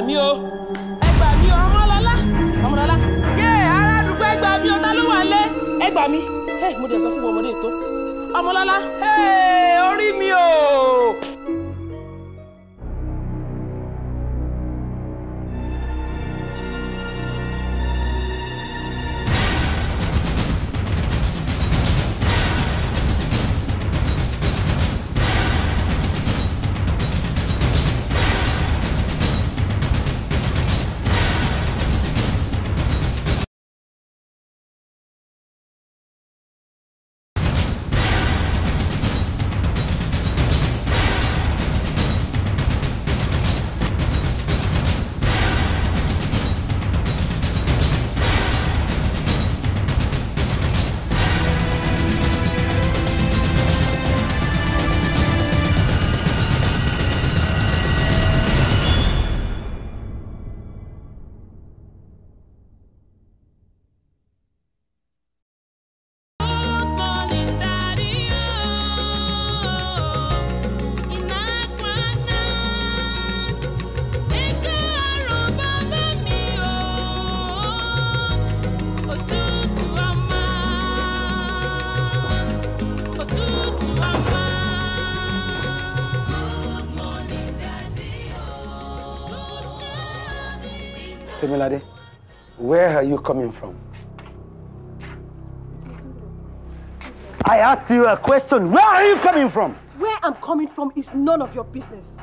gbà mí o ẹ gbà mí o ọmọlọlá ọmọlọlá yé ará àdúgbò ẹ gbà mí o ta ló wà lé ẹ gbà mo dẹ̀ sọ fún ọmọdé tó ọmọlọlá. Temilade, where are you coming from? I asked you a question. Where are you coming from? Where I'm coming from is none of your business.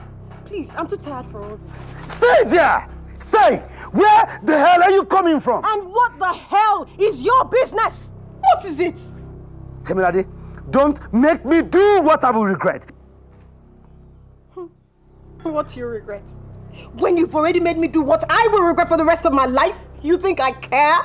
Please, I'm too tired for all this. Stay there! Stay! Where the hell are you coming from? And what the hell is your business? What is it? Temilade, don't make me do what I will regret. Hmm. what you regret? When you've already made me do what I will regret for the rest of my life, you think I care?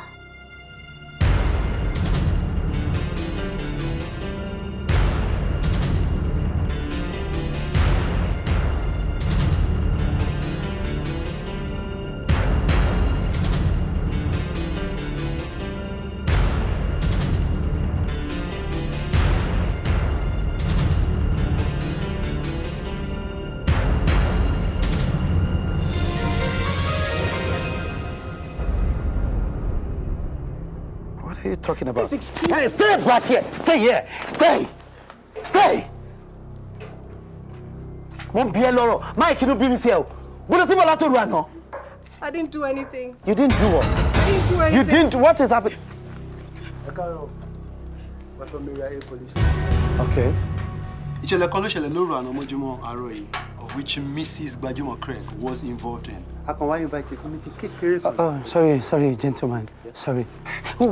talking about? Please excuse hey, stay back here. Stay here. Stay. Stay. Wọ́n bí ẹ Mike inú bí be sí ẹ o. Bọ́dọ̀ tí mo I didn't do anything. You didn't do what? I didn't do anything. You didn't. What is happening? Okay. It's A police station. Okay. Ìṣẹ̀lẹ̀ kan ló of which Mrs. Gbajúmọ̀ Craig was involved in akànwá yóò bá ti fún mi ti kékeré kan. oh sorry sorry gentleman yes. sorry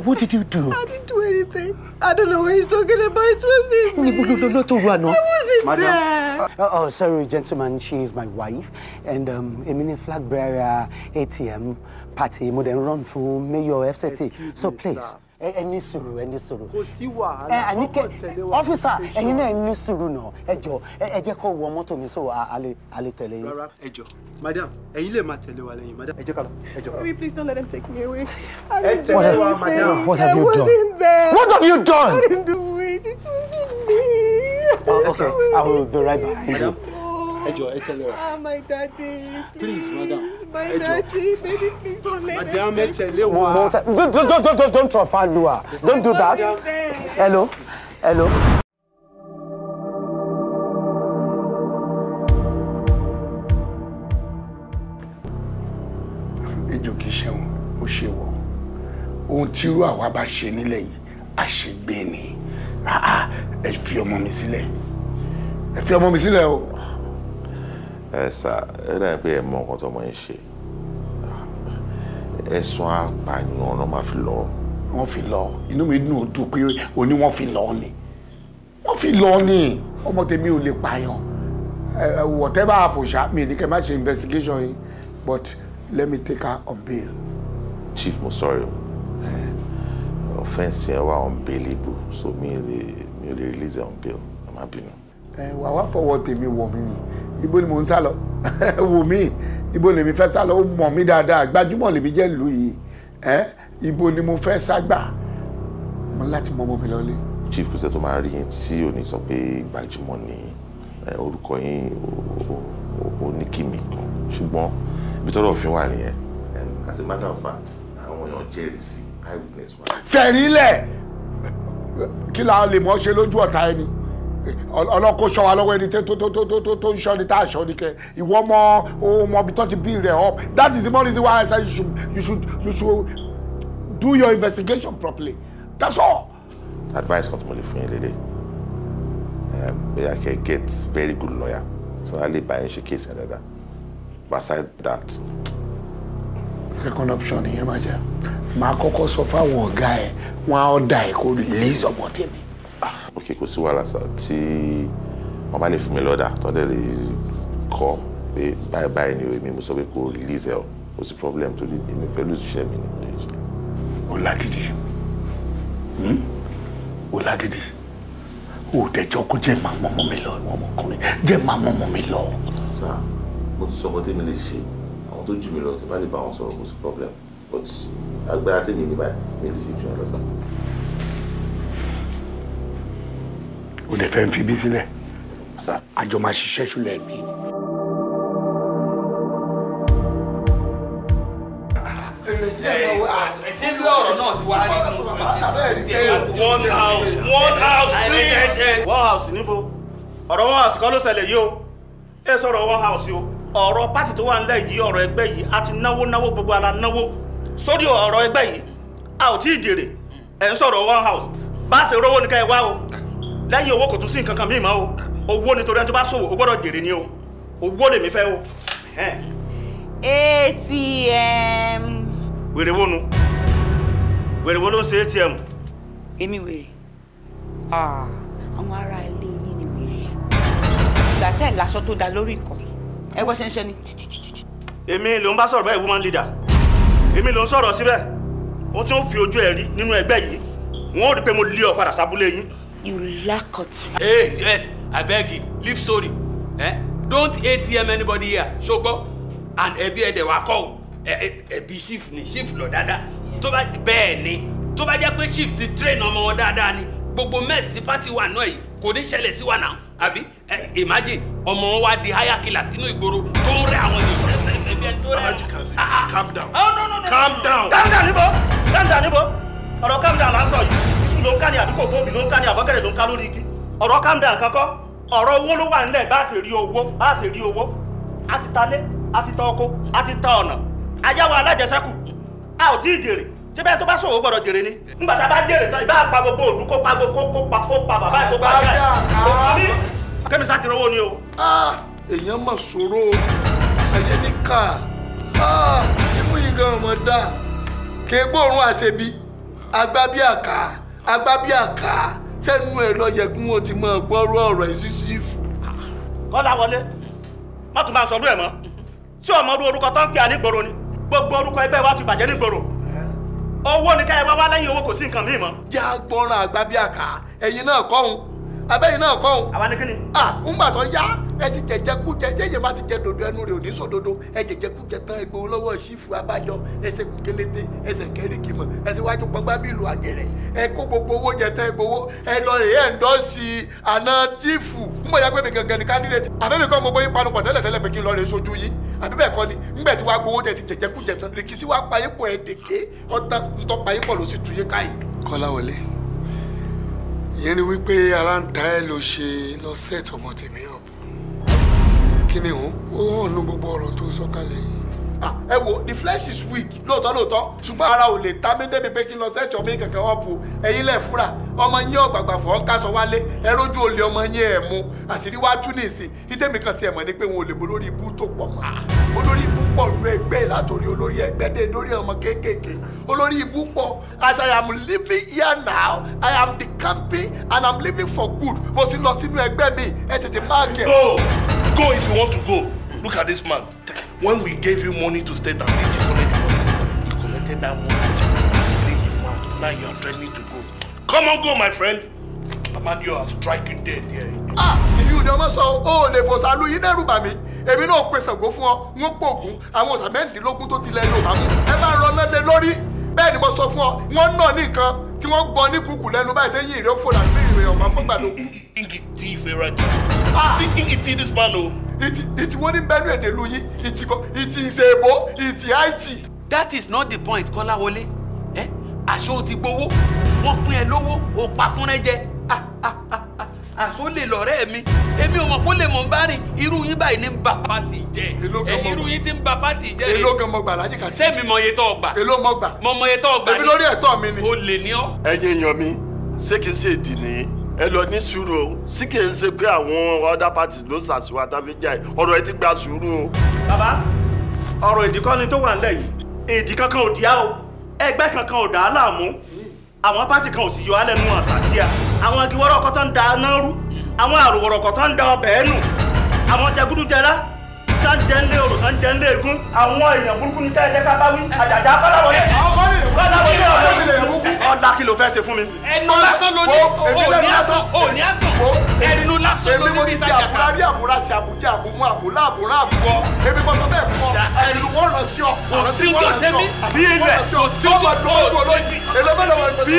what did you do. i didn't do anything i don't know what he's talking about it wasn't me. níbo ló ló tó wà náà. i wasn't Madam. there. oh, uh, oh sorry gentleman she is my wife and um, èmi um, ni flag bearer atm party mo dey run fún mayor fct so please. Sir ẹ ní sùúrù ẹ ní sùúrù. kò sí wàhálà ọkọ tẹ̀lé wa. ọfíìsà ẹ̀yin náà ní sùúrù náà ẹ jọ ẹ jẹ́ kó wọ mọ́tò mi so a lè tẹ̀lé yín. rárá ẹ jọ madam ẹ̀yin lè máa tẹ̀lé wa lẹ́yìn madam. ẹ jẹ́ ká lọ ẹ jọ. baby please don't let them take me away. ẹ tẹ̀lé wa madam. what have you done what have you done. I didn't do it it wasn't me. Oh, okay I will be right back. madam. Ẹ ẹ tẹ̀lé wa. Ah, my daddy, please. Please, madam. My daddy, baby, please don't let me. Madam, ẹ tẹ̀lé wa. Don't, don't, don't, don't, don't, don't try do her. Ah. Don't do that. Hello, hello. Ejò kìí ṣẹ̀wọ̀n, ó ṣèwọ̀. Ohun tí irú àwa bá ṣe nílẹ̀ yìí, àṣegbè ni. Ah, ah, ẹ fi ọmọ mi sílẹ̀. Ẹ fi ọmọ mi sílẹ̀ o ẹ sà ẹ dàbí pé ẹ mọ nǹkan tó mọ̀ ń ṣe ẹ̀sùn apààyàn ọ̀nà máa fi lọ. wọ́n fi lọ inú mi dùn ó dùn pé o ní wọ́n fi lọ ni wọ́n fi lọ ni ọmọ tèmi ò lè pààyàn whatever happen ṣá mi ní kẹ́ má ṣe investigation yìí but let me take her on bail. chief mo sorry o offence yẹn wà on bail mi so lè mi ò lè release her on bail ẹ má bínú. ẹ wàá wá fọwọ́ tèmi wọ̀ mí ni ibo ni mò ń sá wò mí ibo lèmi fẹ́ sá ó mọ̀ mí dáadáa gbajúmọ̀ lèmi jẹ́ ìlú yìí ibo ni mo fẹ́ sá mo láti mọ ọmọ mi lọlé. chief kò tó máa rí yẹn tí ò ní sọ pé gbajúmọ̀ ni orúkọ yín ò ní kí mi kan ṣùgbọ́n ibi tọ́rọ̀ òfin wà nìyẹn as a matter of fact àwọn èèyàn jẹ́rìí sí eyewitness wa. fẹ̀rí lẹ̀ kí la lè mọ̀ ṣe lójú ọ̀tá ẹni ọlọ́kó ṣọ́ wa lọ́wọ́ ẹni tó ń ṣọ́ ni tá a ṣọ́ ni kẹ ìwọ ọmọ ọmọ ibi tó ti bí rẹ̀ up that is the more reason why I say you should you should do your investigation properly that's all. advice kan tó mo lè fún yín lélẹ̀ bóyá kẹ́ get very good lawyer so I lè bá yín ṣe case yẹn dáadáa beside that. second option ìyẹn máa jẹ́ màá kọ́kọ́ sọ fáwọn ọ̀gá ẹ̀ wọ́n á ọ̀dà ẹ̀ kó release ọmọ tèmi. Ah, ok kò sí wàhálà sá tí wọn bá lè fún mi lọ́dà tó dẹ̀ lè kọ́ pé báyìí báyìí ni èmi mo sọ pé kò release ẹ o kò sí problem tó di èmi fẹ́ lóṣù iṣẹ́ mi ni. o lágídí o hmm? lágídí o dẹjọ́ kó jẹ́ màá mọ́ ọmọ mi lọ ìwọ ọmọkùnrin jẹ́ màá mọ́ ọmọ mi lọ. sá mo ti sọ ọmọ tèmi lè ṣe àwọn tó jù mí lọ tí bá lè bá wọn sọ̀rọ̀ kò sí problem but agbára tèmi ní báyìí mi lè ṣe jù ọ lọ sá. o lè fẹ́ fi bí sílẹ̀ àjọ máa ṣiṣẹ́ ṣúlẹ̀ mi. one house one house please. one house níbo ọ̀rọ̀ one house kọ́ ló ṣẹlẹ̀ yìí o ẹ sọ̀rọ̀ one house o ọ̀rọ̀ pátì tó wà ńlẹ̀ yìí ọ̀rọ̀ ẹgbẹ́ yìí a ti náwó náwó gbogbo ala náwó sórí ọ̀rọ̀ ẹgbẹ́ yìí a ò tí ì jèrè ẹ̀ ń sọ̀rọ̀ one house bá a ṣe rówó nìkan ẹ wá o lẹ́yìn owó kò tún sí nǹkan kan míì mọ́ o owó nítorí ẹni tó bá ṣòwò o gbọ́dọ̀ jèrè ni o owó lèmi fẹ́ o. atm. wèrè wo nu wèrè wo ló ń ṣe atm. èmi wèrè ah, àwọn ará ilé yìí ni wèrè ìgbà tẹ́ ẹ̀ lásán tó da lórí nǹkan ẹ gbọ́ ṣẹ́ńṣẹ́ ni. èmi ló ń bá sọ̀rọ̀ báyìí woman leader èmi ló ń sọ̀rọ̀ síbẹ̀ wọ́n tún fi ojú ẹ̀ rí nínú ẹgbẹ́ yìí wọ́n rí pé mo lé ọ padà sábúlé yín You lakoti. Hey, yes, I beg you, leave sorry. Eh? Don't ATM anybody here. Show go. and ẹbí ẹ̀dẹ̀ wá kọ́ ẹbí shift ni shift lọ dada. To ba bẹ́ẹ̀ ni To ba jẹ́ pé shift ti train ọmọ wọn dáadáa ni gbogbo mess ti party wa náà yìí kò ní ṣẹlẹ̀ sí wa náà àbí imagine ọmọ wọn wá di higher class inú ìgboro tó ń rẹ àwọn èèyàn. Alhaji Kazeem calm down. Oh, no, no, no, calm down. calm down níbo calm down níbo ọ̀rọ̀ calm down là ń sọ yìí. iṣu ló ń ká ní àdúgbò gómìnà lórí igi ọ̀rọ̀ kankan ọ̀rọ̀ owó a sì rí owó bá a sì rí owó a ti ta a ti ta oko a ti ta ọ̀nà ayáwó alájẹsẹ́kù a ò tí ì jèrè ṣé tó bá sòwò gbọ́dọ̀ jèrè ni nígbà tá a bá jèrè tán ìbá pa gbogbo pa gbogbo kó pa kó pa bàbá ìkó pa kémi sá ti ni o. èèyàn mà ní ká yìí gan dá agbábíàká sẹ́nu ẹ̀ lọ yẹ kí ti máa gbọ́rọ̀ ọ̀rọ̀ ẹ̀ sísí fún. kọ́lá wọlé má tún máa sọ̀rọ̀ ẹ̀ mọ́ tí ọmọ orúkọ tó ń pè á ni gbogbo orúkọ ẹgbẹ́ wa ti bàjẹ́ nígboro owó ni káyọ̀ owó kò sí nǹkan míì mọ́. yá gbọ́ràn agbábíàká ẹ̀yin abẹ́yìn náà kọ́ o. àwa ni kíni. à ń gbà tó yá ẹ ti jẹjẹ kú jẹ tí èyàn bá ti jẹ dodo ẹnu rẹ ò ní sòdodo ẹ jẹjẹ kú jẹ tán ẹgbẹ olówó ṣífù abájọ ẹsẹ kú kélété ẹsẹ kẹríkì mọ ẹsẹ wájú pọgbà bí ìlú àgẹrẹ ẹ kó gbogbo owó jẹ tán ẹgbowó ẹ lọ rè é ǹdọ́sì àná jífù ń bọ̀ yàgbé mi gangan ní candidate àbẹ́mi kọ́ gbogbo yín panupọ̀ tẹ́lẹ̀ tẹ́lẹ̀ pé kí n lọ rè sojú yín àbí bẹ́ẹ̀ kọ́ ni ńgbẹ̀ tí wàá gbowó jẹ ti jẹjẹ kú jẹ tán rìkì sí wàá payé pọ̀ ẹ̀ẹ́dẹ̀gẹ́ ọ̀tá ń tọ́ payé pọ̀ ló sì tuyé káyìí. Kọ́láwọlé ìyẹn ni wípé ara ń ta ẹ́ ló ṣe lọ set tèmi up kí ni òun ó hàn ní gbogbo ọ̀rọ̀ tó sọ yìí ẹ wo the flesh is weak lóòótọ́ lóòótọ́ ṣùgbọ́n ara ò lè ta mí débi pé kí n lọ sẹ́ẹ̀tì ọmọ yín kankan wọ́n po ẹ̀yin lẹ̀ fúra ọmọ yín ọ̀gbàgbà fọ́ kásọ wálé ẹ rójú olè ọmọ yín ẹ̀ mu àṣírí wá tú ní ìsìn ìtẹ́mi kan tiẹ̀ mọ̀ ni pé wọn ò lè bo lórí ibú tó pọ̀ mọ́ olórí ibú pọ̀ nú ẹgbẹ́ látòrí olórí ẹgbẹ́ dé lórí ọmọ kéékèèké olórí ibú pọ̀ as I am living here now I am decamping and I am living for good mo sì lọ sínú ẹgbẹ́ mi ẹ tètè máàkì ẹ. go go if you want to go look at this man. When we gave you money to stay down there, you collected money. You collected that money. You mouth. Now you are threatening to go. Come on, go, my friend. Amadio, I'll strike you dead here. Yeah. Ah, you know what? So, oh, le fosalu yìí dẹ́rù bà mí. Èmi náà pe Ṣàngó fún ọ, wọ́n pògùn àwọn ọ̀sà mẹ́rìndínlógún tó tilẹ̀ Yorùbá mú. Ẹ bá rọ náà lé lórí. Bẹ́ẹ̀ ni mo sọ fún ọ, wọ́n nà ní nǹkan tí wọ́n gbọ́ ní kùkù lẹ́nu báyìí tẹ́yìn ìrẹ́ fò láti bí ìrẹ́ ọ̀ma fún gbàdógún. Ingi tí ìfẹ́ rajà. Ah! Ingi tí this man o ìtì ìtì wọ́n ní bẹ́nu èdè lu yín ìtì kọ ìtì ìṣèbó ìtì àìtì. that is not the point kọ́láwọlé ẹ àṣọ ti gbowó wọ́n pín ẹ lówó ò pakúnrẹ́ jẹ àṣọ lè lọ́rẹ́ mi èmi ò mọ̀ kó lè mọ̀ n bá rìn irú yín báyìí ní ń ba pátì jẹ ẹ irú yín ti ń ba pátì jẹ rẹ èló gan mọ gbà lájì kà sí. sẹ́mi mọ iye tó ọgbà èló mọ gbà mọ mọ iye tó ni èmi lórí ẹ̀tọ́ mi ni. o lè ní ọ. ẹ̀yin èèyàn mi ṣé kìí ṣe ìdì nìyí ẹ lọ ní sùúrù o sí kì í ṣe pé àwọn other parties ló ṣàṣìwà tàbí jà ọ̀rọ̀ ẹ ti gba sùúrù o. bàbá ọ̀rọ̀ ìdíkọ́ni tó wà nílẹ̀ yìí èdè kankan ò díá o ẹgbẹ́ kankan ò dá a láàmú àwọn pátì kan ò sì yọ alẹ́ nu àṣàṣìà àwọn igi wọ́rọ́kọ́ tó ń da náà rú àwọn àròwọ̀rọ̀kọ́ tó ń da ọbẹ̀ ẹ̀ àwọn jẹgúdújẹrá tá ń jẹ ń lé orò tá ń jẹ ń lé egun. àwọn èèyàn burúkú ní tẹ́lẹ̀ ká bá wí. àjàjà kọ́láwọlé. kọ́láwọlé ọ̀rẹ́ mi lè yẹ burúkú. ọ̀la kí ló fẹ́ ṣe fún mi. ẹnu lásán ló ní òní àsán òní àsán ẹnu lásán ló ní bí tajà ká. èmi mo ti di àbúrá rí àbúrá sí àbújá àbúmú àbúrá àbúrá àbúwọ. èmi mo sọ bẹ́ẹ̀ fún ọ àbìlú wọn lọ sí ọ. òsì tó ṣe mí bí ilẹ̀ òsì tó ṣe mí bí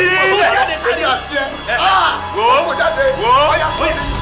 ilẹ̀.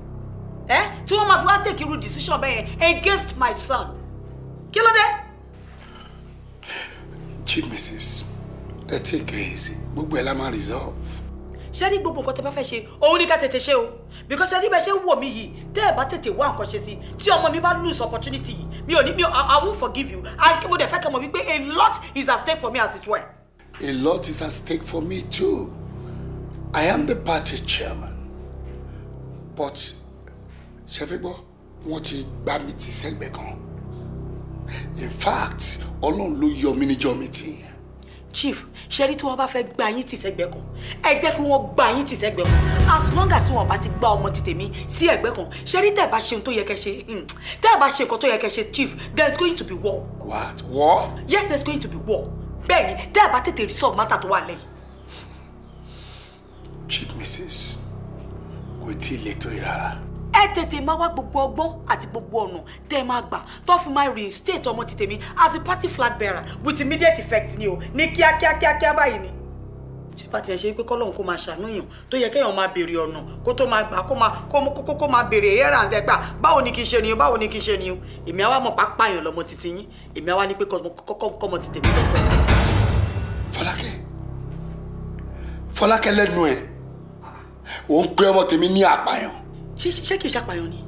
ẹ tí wọ́n máa fi wá take irú decision bẹ́ẹ̀ against my son kí ló dé. chief mrs ẹ take it easy gbogbo ẹ la máa resolve. ṣé ní gbogbo nǹkan tẹ bá fẹ́ ṣe òun ní ká tètè ṣe o because ẹni bẹ́ẹ̀ ṣe ń wò mí yìí tẹ́ ẹ bá tètè wá nǹkan ṣe sí tí ọmọ mi bá lose opportunity yìí mi ò ní mi I won't forgive you and mo dẹ̀ fẹ́ kẹ́ mọ̀ wípé a lot is at stake for me as it were. A lot is at stake for me too. I am the party chairman. But ṣẹfẹ́ gbọ́ wọ́n ti gbá mi ti sẹ́gbẹ̀ẹ́ kan in fact ọlọ́run ló yọ mí níjọ́ mi tì yẹn. chief ṣẹ́rí tí wọ́n bá fẹ́ gbá yín tì sẹ́gbẹ̀ẹ́ kan ẹ jẹ́ kí wọ́n gbá yín tì sẹ́gbẹ̀ẹ́ kan as long as wọn bá ti gbá ọmọ ti tèmi sí ẹ̀gbẹ́ kan ṣẹ́rí tẹ́ ẹ bá ṣe ohun tó yẹ kẹ́ ṣe hmm. tẹ́ bá ṣe nǹkan tó yẹ kẹ́ ṣe chief there is going to be war. what war. yes there is going to be war bẹ́ẹ̀ ni tẹ́ ẹ bá tètè resolve matter tó wà lẹ́yìn. chief mrs kò tí ì le tó yìí rárá ẹ tètè máa wá gbogbo ọgbọ́n àti gbogbo ọ̀nà tẹ́ ẹ máa gbà tó fi máa reinstate ọmọ ti tèmi as a party flag bearer with immediate effect ni o ní kíákíá kíákíá báyìí ni tí bá tiẹ̀ ṣe pé kọ́lọ́hún kó máa ṣàánú èèyàn tó yẹ kéèyàn máa béèrè ọ̀nà kó tó máa gbà kó máa kó kó máa béèrè ẹ̀rà ń tẹ́gbà báwo ni kí n ṣe nìyẹn báwo ni kí n ṣe nìyẹn èmi àwa mọ̀ pápá èèyàn lọ́mọ títí yín èmi àwa ní pé kọ́mọ tètè mi lọ́fẹ́. fọlákẹ́ fọlákẹ́ lẹ́nu ṣé kì í ṣàpàyàn ni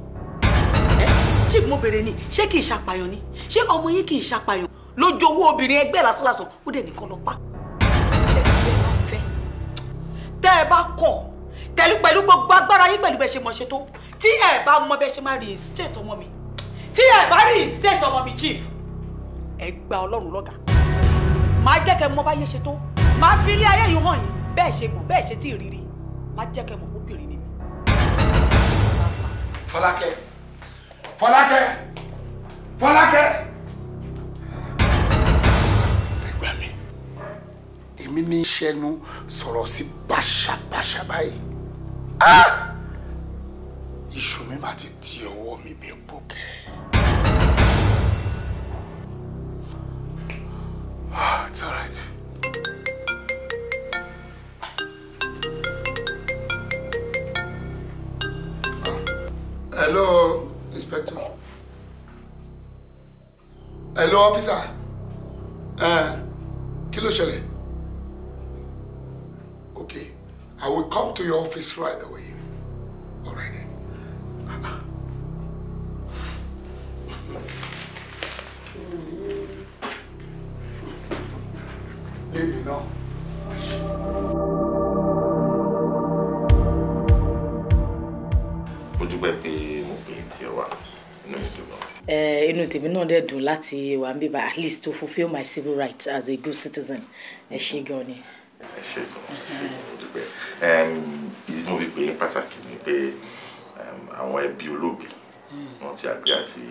chief mo bèrè ni ṣé kì í ṣàpàyàn ni ṣé ọmọ yín kì í ṣàpàyàn lójú owó obìnrin ẹgbẹ́ lásánlásán ó dẹ̀ nìkan lọ pa ṣẹ̀dúgbẹ́ bá fẹ́ tẹ́ ẹ bá kọ̀ tẹ̀lú pẹ̀lú gbogbo agbára yín pẹ̀lú bẹ́ẹ̀ ṣe mọ̀ ṣe tó tí ẹ bá mọ bẹ́ẹ̀ ṣe máa rí state ọmọ mi tí ẹ bá rí state ọmọ mi chief ẹ gba ọlọ́run lọ́gàá máa jẹ́ kẹ́ mọ bá yẹ ṣe tó máa fi ilé ayé yìí hàn yín bẹ́ẹ̀ ṣe mọ̀ bẹ́ẹ̀ ṣe tí ì rírí máa jẹ́ kẹ́ mọ̀ Fọlákẹ́ Fọlákẹ́ Fọlákẹ́. ẹ gbà mí èmi ní sẹ́nu sọ̀rọ̀ sí báṣabáṣa báyìí ah! iṣu mi máa ti di ọwọ́ mi bí epo kẹ́. Ah, it's all right. Hello, Inspector. Hello, officer. Uh, kí ló ṣẹlẹ̀? Okay, I will come to your office right away. All right then. Leave me now. Eh, inú tèmi náà dẹ̀ dùn láti wà ń bíbá at least to fulfil my civil rights as a good citizen ẹ ṣé mm-hmm. gan ni. ẹ ṣé gan ẹ ṣé gan dúpẹ́ ìdí mo fi pè é pàtàkì ni pé àwọn ẹbí olóògbé mm. wọn ti agree àti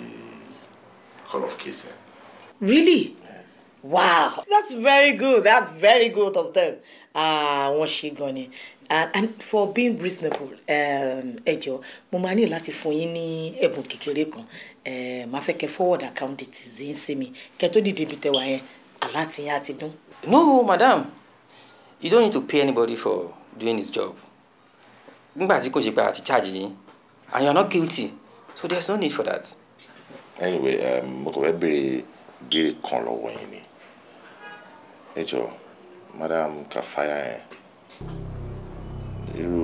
call of case. really. Wow, that's very good. That's very good of them. Ah, uh, wọ́n ṣe gan ni. Ah, and, for being reasonable, ẹ jọ̀ọ́, mo máa ní láti fún yín ní ẹ̀bùn kékeré kan ẹ̀ẹ́ eh, máa fẹ́ forward account details yín sí mi kẹ́ tó dìde ibi tẹwàá yẹn alátìyàn àti dún. no madam you don't need to pay anybody for doing his job nígbà tí kò ṣe pé àti charge yín and you are not guilty so there is no need for that. anyway um, mo kò fẹ́ béèrè béèrè kan lọ́wọ́ yín ni ẹ jọ madam kafaya yẹn irú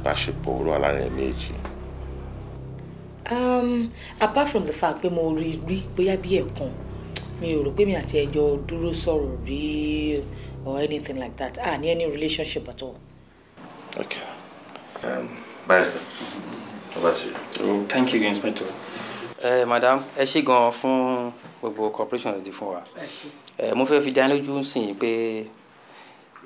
ìbáṣepọ̀ olúwa láàrin méjì um, apart from the fact pé mo rí rí bóyá bí ẹ̀kan mi ò rò pé mi àti ẹjọ́ dúró sọ̀rọ̀ rí or anything like that ah ní any relationship at all. okay um, barrister over to you. Oh, thank you inspector. Uh, madam ẹ ṣé gan-an fún gbogbo cooperation ẹ ti fún wa eh, mo fẹ́ fi dánilójú sìn pé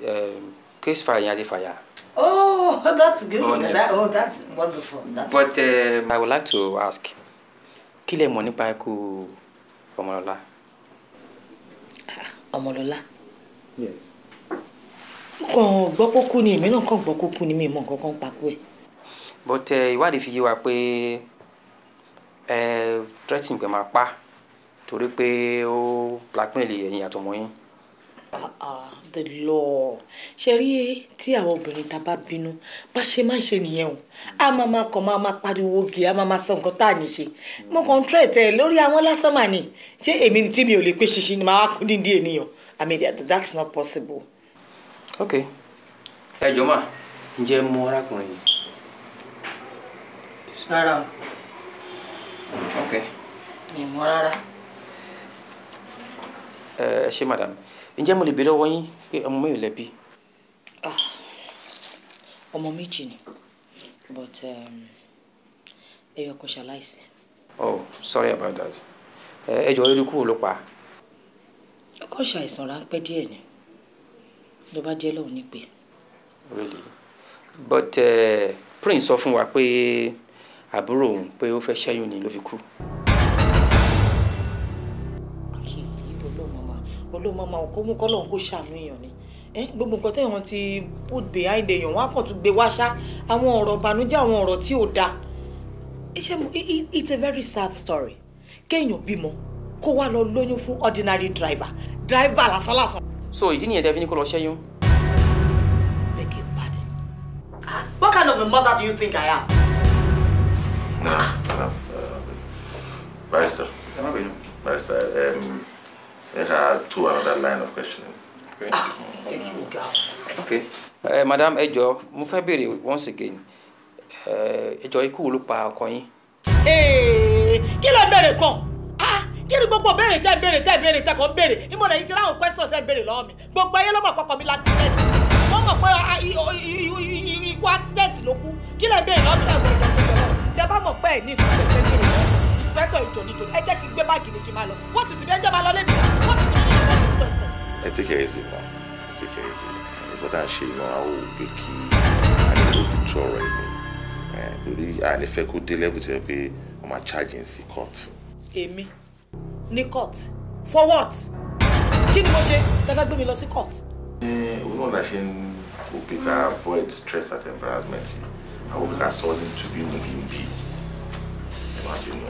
eh, case fire fàyà ti fire. Oh, that's good. Oh, That, oh, that's wonderful. That's but um, I would like to ask, kile money mọ̀ nípa ikú Ọmọlọ́lá? Ah, yes. Kàn gbọ́ kó ni èmi náà kàn gbọ́ kó ni mi mo nǹkan kan pa kú ẹ̀. But uh, ìwádìí fi yé wa pé ẹ uh, threatening pé máa pa torí pé ó blackmail ẹ̀yin àtọmọ yín. Ah, ah, the law ṣe rí tí àwọn obìnrin ta bá bínú bá ṣe máa ń ṣe nìyẹn o a máa máa kàn máa máa pariwo gè a máa máa sọ nǹkan tá à ní ṣe mo kàn ń tọ́ ẹ̀tẹ́ lórí àwọn lásán mà ní ṣé èmi tí mi ò lè pé ṣinṣin ni màá kún nídìí ènìyàn I mean that's not possible. ok ẹ jọ mà ǹjẹ́ mú arákùnrin yìí. rárá o. ok. mi mú rárá. ẹ ṣé madam ǹjẹ́ mo lè béèrè ọwọ́ yín pé ọmọ mẹ́rin lẹ bí. Ah, ọmọ méjì ni but um, ẹyọ kan ṣaláìsí. oh sorry about that ẹ jọ erékù ló pa. ó kàn ṣàìsàn ráńpẹ́ díẹ̀ ni ló bá jẹ́ lọ́hùn nípe. really but uh, prince sọ fún wa pé àbúrò òun pé ó fẹ́ ṣẹ́yún ni ló fi kú. olóòmọ máa kó mú kọ́lọ́hún kó ṣàánú èèyàn ni gbogbo nǹkan tẹ̀wọ̀n ti put behind èèyàn wọn á kàn tún gbé wá ṣá àwọn ọ̀rọ̀ ìbànújẹ́ àwọn ọ̀rọ̀ tí ò dáa iṣẹ́ mu it's a very sad story kéèyàn bímọ kó wá lọ lóyún fún ordinary driver driver lásán lásán. so ìdí nìyẹn tẹ́ fi ní kó lọ ṣẹ́yún. beg your pardon. what kind of a mother do you think I am. nana nana barrister barrister um, There are another line of questioning. Okay. Uh, madam ẹ jọ̀ọ́ mo fẹ́ béèrè once again eh, ẹ jọ̀ọ́ ikú wo ló pa ọkọ yín. Eh, kí ló béèrè kan ah, kí ni gbogbo béèrè tẹ́ béèrè tẹ́ béèrè tẹ́ kò ń béèrè ìmọ̀lẹ̀ yìí ti ráhùn questions tẹ́ béèrè lọ́wọ́ mi gbogbo ayé ló mọ̀ pọ̀pọ̀ mi láti rẹ̀ wọ́n mọ̀ pé ah, ikú accident ló kú kí lè béèrè lọ́wọ́ mi lẹ́gbẹ̀ẹ́ ìjọba ìjọba tẹ́ bá mọ̀ pé ẹ̀ ní ìkú tẹ̀ fẹ́ lọ́wọ́ inspector ìjọ nítorí ẹ jẹ́ kí n gbé báàgì ni kí n máa lọ wọ́n ti sì bí ẹjọ́ máa lọ lẹ́nu wọ́n ti sì máa lọ lẹ́nu. ẹ take it easy ma ẹ take it easy nǹkan tá à ń ṣe ìran àwọn òbí kí àdébójútó ọ̀rọ̀ ẹ̀mí lórí ànífẹ́ kó dé level tí ẹ pé wọ́n máa charge in sí court. èmi ní court for what kí ni mo ṣe tẹ́fẹ́ gbé mi lọ sí court. ẹ òun náà la ṣe ń òbí ká avoid stress at embarrassment àwọn òbí ká sọ ní tùbí mú bí ń bí ẹ máa bínú.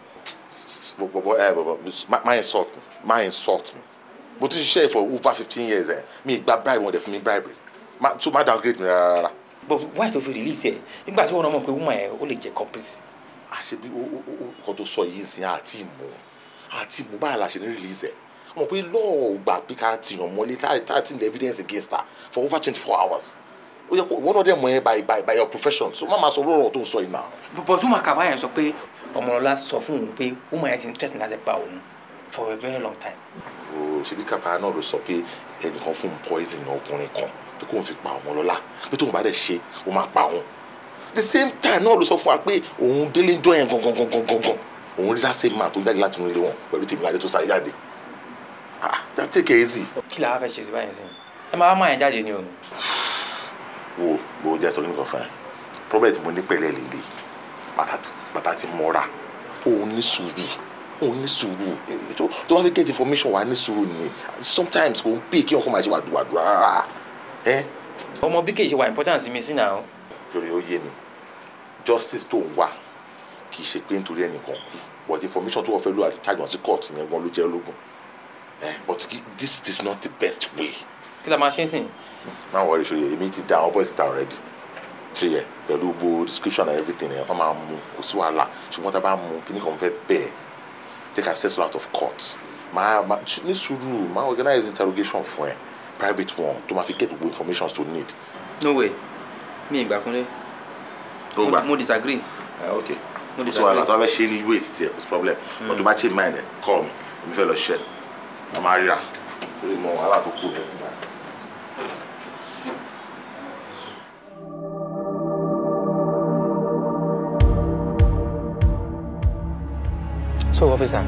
bọ̀bọ̀ ẹ bọ̀bọ̀ má insult mi má insult mi mo ti ṣiṣẹ́ for over fifteen years ẹ eh. mi gba bribe wọn dẹ̀ fún mi bribery má so má downgrade mi rárá. but why to fi release ẹ you want to náà my only woman ẹ I should be. complice. àṣebí orúkọ tó sọ yìí sin àti ìmọ̀ àti ìmọ̀ báyìí la ṣe ní release ẹ mọ̀ pé lọ́ọ̀ gbà pé ká tìyàn mọ́lé tá a ti ní evidence against her for over 24 hours ó yẹ kó ìwọ náà dẹ̀ by by by your profession so Mama máa sọ lọ́rọ̀ tó ń sọ yìí náà. bùbọ̀ tó máa kàwá yẹn sọ pé ọmọlọ́lá sọ fún òun pé ó mọ̀ ti interest láti bá òun for a very long time. o ṣebí káfá náà ló sọ pé ẹnìkan fún poison ọkùnrin kan pé kóun fi pa ọmọlọ́lá pé tóun bá dẹ̀ ṣe ó máa pa òun the same time náà ló sọ fún wa pé òun délé ń jọ yẹn gangan gangan gangan òun rí lásìkò máa tó ń jáde láti inú ilé wọn pẹ̀lú tèmi adé tó sáré jáde ah that take it easy. kí làá fẹ́ ṣe sí báyìí sí ẹ máa máa yẹn jáde ni o wo bó jẹ́ sọ nǹkan fún ẹ problem tí mo ní pẹ̀lẹ́ lè le bàtà ti mọ́ra òun ní sùúrù òun ní sùúrù tó bá fi get information wà ní sùúrù nìyẹn sometimes kò ń pè kí ọkọ máa ṣe wàdùwàdùwà rárá ẹ. ọmọ bí kèé ṣe wà importance mi sí náà. sori ó yé mi justice tó ń wà kì í ṣe pé nítorí ẹnìkan kú but the information tó wọ́n fẹ́ lò àti charge wọn sí court yẹn gan ló jẹ́ ológun but this is not the best way. kí la máa ṣe ń sìn má wọrí ṣòye èmi ti da ọbọ̀ síta already ṣe yẹ pẹ̀lú gbogbo description and everything ẹ̀ wọ́n máa mú kò sí wàhálà ṣùgbọ́n tá a bá mú kí ni kò ń fẹ́ bẹ́ẹ̀ take her settle out of court máa ní sùúrù máa organize interrogation fún ẹ private one tó máa fi get gbogbo information to need. no way mi ìgbà kúnlẹ̀ tó gbà mo disagree. Uh, ok mo disagree. so àlọ́ tó bá fẹ́ ṣe ní wait tiẹ̀ kò problem hmm. but to bá change mind call me èmi fẹ́ lọ ṣẹ́ ẹ̀ máa ríra lórí mọ wàhálà tó kù lẹ́sìn náà. So, officer,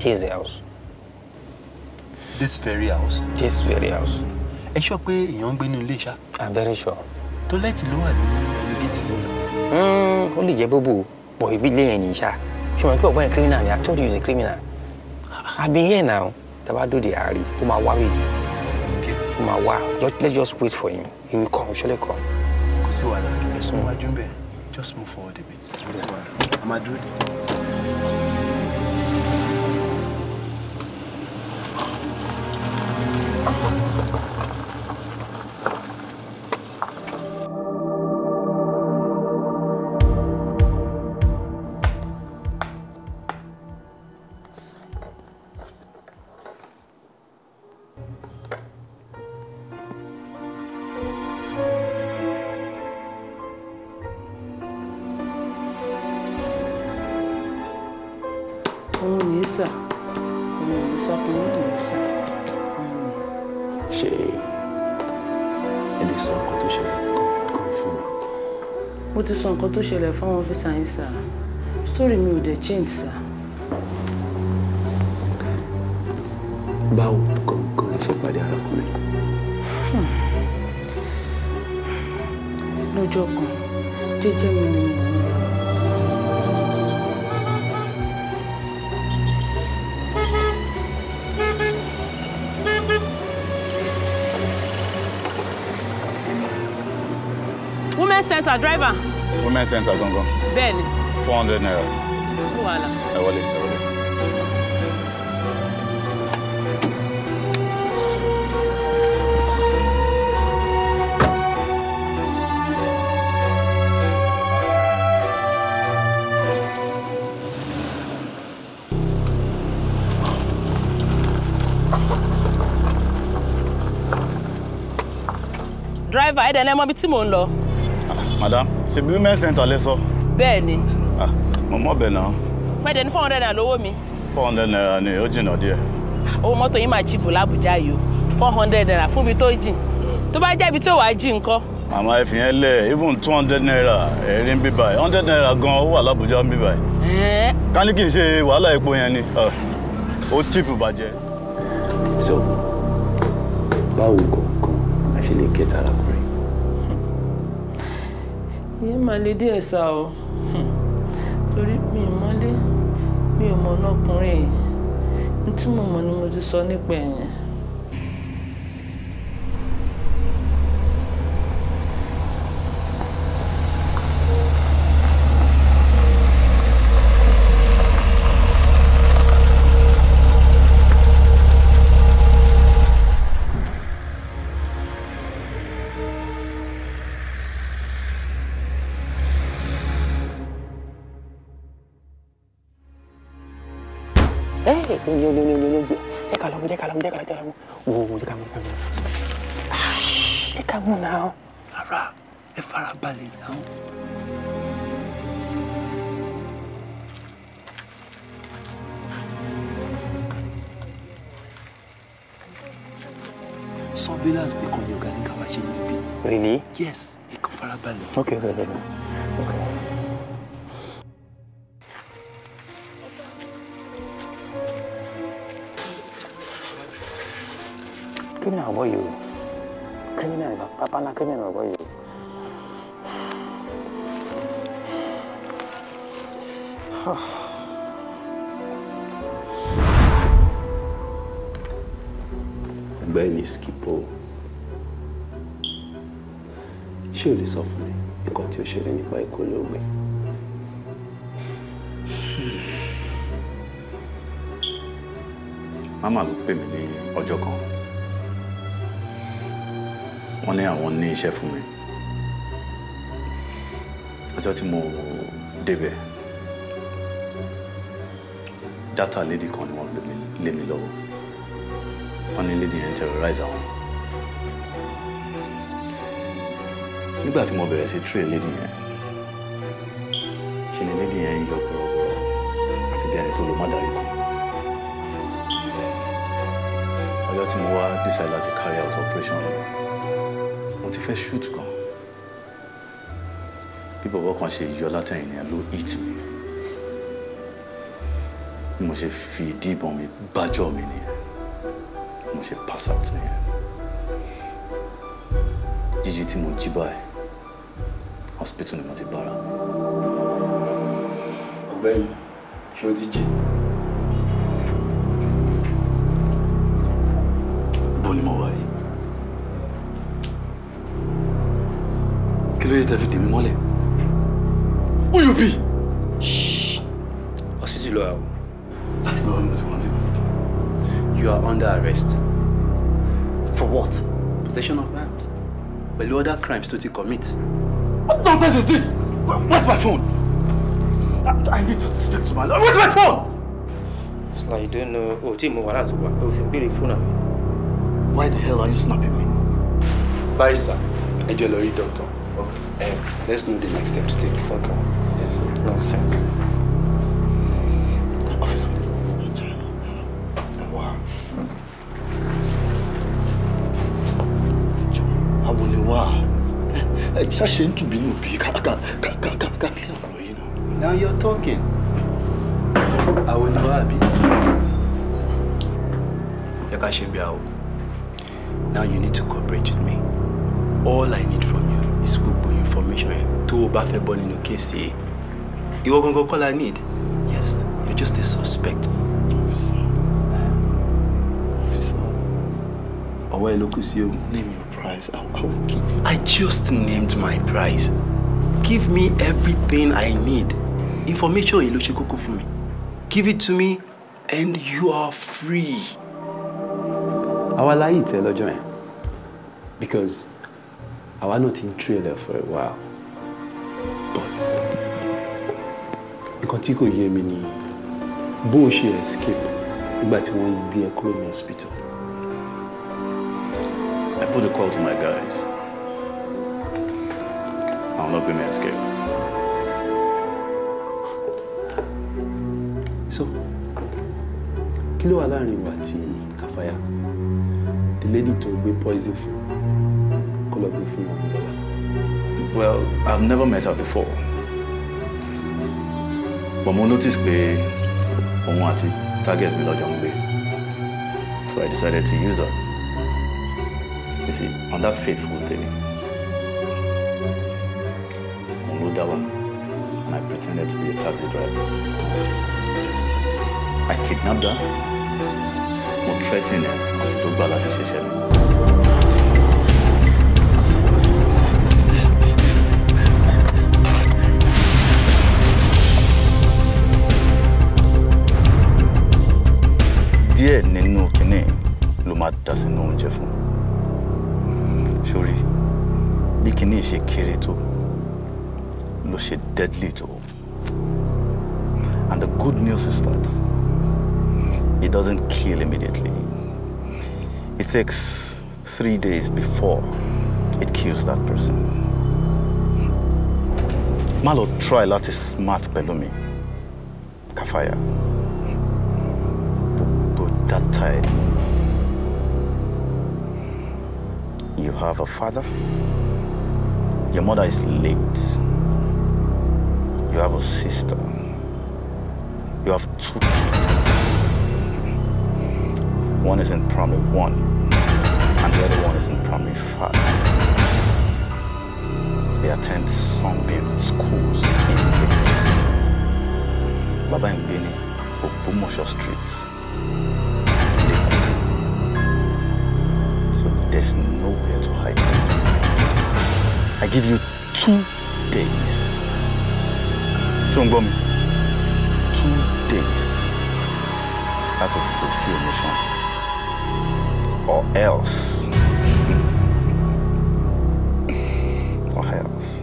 here's the house. This very house? This very house. Are you sure? èèyàn ń gbé ní I'm very sure. Tọ́lẹ́tì ló wà ní ẹnu géètì yìí. Hmm, ó Hmm. Only bóbó bọ̀ ibi ilé yẹn nìyí ṣá. Ṣùgbọ́n pé ọ̀gbọ́n a criminal I told you he's a criminal. I've been here now. Tàbá dòde àárí, ó máa wá wèé. Ó máa wá. Let's just wait for him. He will come, he surely come. You see what ẹ̀sùn wájú Just move forward a bit. You Kò sí wàhálà. Àmàdúró. tó ṣẹlẹ̀ fáwọn ọ́fíìsà yín sà story mi ò dẹ̀ change sà. báwo gangan ló fẹ́ pàdé arákùnrin. Hmm. lọ́jọ́ kan jẹ́jẹ́ mi ni mo ń lọ. Women's Center driver women center gangan. bẹ́ẹ̀ni. four hundred naira. ó wà lá. ẹ wọlé ẹ wọlé. driver ẹ̀dẹ̀ lẹ́mọ́ bí tí mò ń madam ṣebí women's center lẹ sọ. bẹ́ẹ̀ ni. mo mọ̀ bẹ̀ náà. fẹ́dẹ̀ ní four hundred naira lówó mi. four hundred naira ni ó jìnnà díẹ̀. owó mọ́tò yín máa chipu lábújá yìí o four hundred naira fún ibi tó jìn tó bá jẹ́ ibi tó wàá jìn ńkọ́. àmọ́ ẹ fi yẹn lẹ̀ even two hundred naira ẹ̀rín bíbá ẹ̀ hundred naira gan ó wà lábújá bíbá ẹ̀. ká ní kì í ṣe wàhálà epo yẹn ni ó chipu bàjẹ́. so báwo gan-an a ṣe lè kẹta ara ayé máa le díẹ̀ sá o hmm. torí mi ò mọ́lé mi ò mọ̀ ọ́nà ọkùnrin yìí ní tí mo mọ̀ ni mo ti sọ nípa ẹ̀yìn. mi olóògbé jẹ́ ká lọ mú jẹ́ ká lọ mú jẹ́ ká lọ jẹ́ ká mú wò ó jẹ́ ká mú jẹ́ ká mú. jẹ́ ká mú náà. ara ẹ fara balẹ̀ náà. surveillance nìkan ni ọ̀gá ní ká wá ṣe níbí. really yes ẹ kàn fara balẹ̀. okay okay okay. 나고 보유 큰일 날까 빠빠나 큰일 날 보유 ọ̀gbẹ́ni skipo ṣé o lè sọ fún mi nǹkan tí ó ṣẹlẹ̀ wọ́n ní àwọn ní iṣẹ́ fún mi ọjọ́ tí mo débẹ̀ dátà lédi kan ni wọ́n gbé lé mi lọ́wọ́ wọ́n ní lédi yẹn àwọn nígbà tí mo bẹ̀rẹ̀ sí tray lédi yẹn ṣe ni lédi yẹn ń yọ bọ̀rọ̀bọ̀rọ̀ àfi bí ẹni tó lò má kan ọjọ́ tí mo wá decide láti carry out operation mi fẹ́ shoot gan bí bọ̀bọ̀ kan ṣe yọ látẹ̀yìn yẹn ló hit mi bí mo ṣe fi ìdí ìbọn mi bájọ́ mi nìyẹn mo ṣe pass out nìyẹn jíjí tí mo jí báyìí hospital ni mo ti bára. ọ̀gbẹ́ni ṣé o ti jí. mọ́lẹ̀. Who you be? Shh. Hospital lawyer o. Láti gbọ́ ọ̀nà tí wọ́n dé. You are under arrest. For what? Possession of arms. Pẹ̀lú other crimes tó ti commit. What nonsense is this? Where's my phone? I, need to speak to my lawyer. Where's my phone? It's like you don't know. O tí mo wà láti wà. O fi ń béèrè Why the hell are you snapping me? Barrister, ẹ jẹ́ lọ rí doctor. Let's know the next step to take. Okay. No, sir. Officer. Àwọn ni wá. Ẹ jẹ́ ṣe Now you're talking. Àwọn ni wá àbí? Now you need to cooperate with me. All I need from you is gbogbo. information yẹn tó o bá fẹ́ bọ́ nínú kéèsì yìí ìwọ gangan kọ́ need yes you're just a suspect. ọwọ́ ẹ ló kù sí o. name your price I, I will give you. I just named my price give me everything I need information yìí ló ṣe kókó fún mi give it to me and you are free. àwa láyé ìtẹ́ lọ́jọ́ yẹn because. I was not in trailer for a while but nǹkan tí kò yé mi But bó o ṣe a nígbà tí wọ́n hospital. I put a call to my guys. Àwọn náà gbé mi escape. So, kilo ló wà láàrin ìwà The lady tó gbé poison fún lọ pè fún well i've never met her before but mo notice pé òun àti target mi lọ́jọ́ ń gbé so i decided to use her you see on that faithful day òun ló dá and i pretended to be a taxi driver i kidnapped her mo threaten her àti tó gbà láti ṣẹṣẹ mi. díẹ̀ nínú kinní ló máa dà sínú oúnjẹ fún sórí bí kinní ṣe kéré tó ló ṣe deadly tó and the good news is that it doesn't kill immediately it takes three days before it kills that person má lọ try láti smart pẹ̀lú mi kàfáyà you have a father. Your mother is late. You have a sister. You have two kids. One is in primary one, and the other one is in primary five. They attend Sunbeam schools in Lagos. Baba Mbini, Obumoshore Street. There's nowhere to hide. I give you two days. Tó Two days. Láti fulfill mission. Or else. Or else.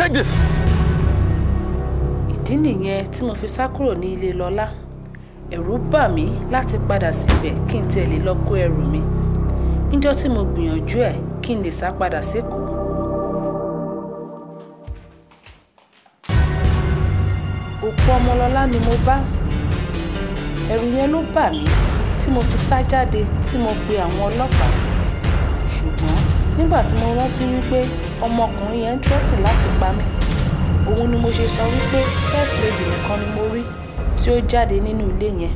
Take this! Ìdí nìyẹn tí mo fi sá kúrò ní ilé Lọlá ẹ̀rù bà mí láti padà síbẹ̀ kí n tẹ̀lé lọ kó ẹrù mi níjọ́ tí mo gbìyànjú ẹ̀ kí n lè sá padà sékòó. òkú ọmọlọlá ni mo bá ẹ̀rù yẹn ló bà mí tí mo fi sá jáde tí mo pe àwọn ọlọ́pàá ṣùgbọ́n nígbà tí mo rántí wípé ọmọkùnrin yẹn ń tírẹ́tì láti pa mí òun ni mo ṣe sọ wípé first lady nìkan ni mo rí tí ó jáde nínú ilé yẹn.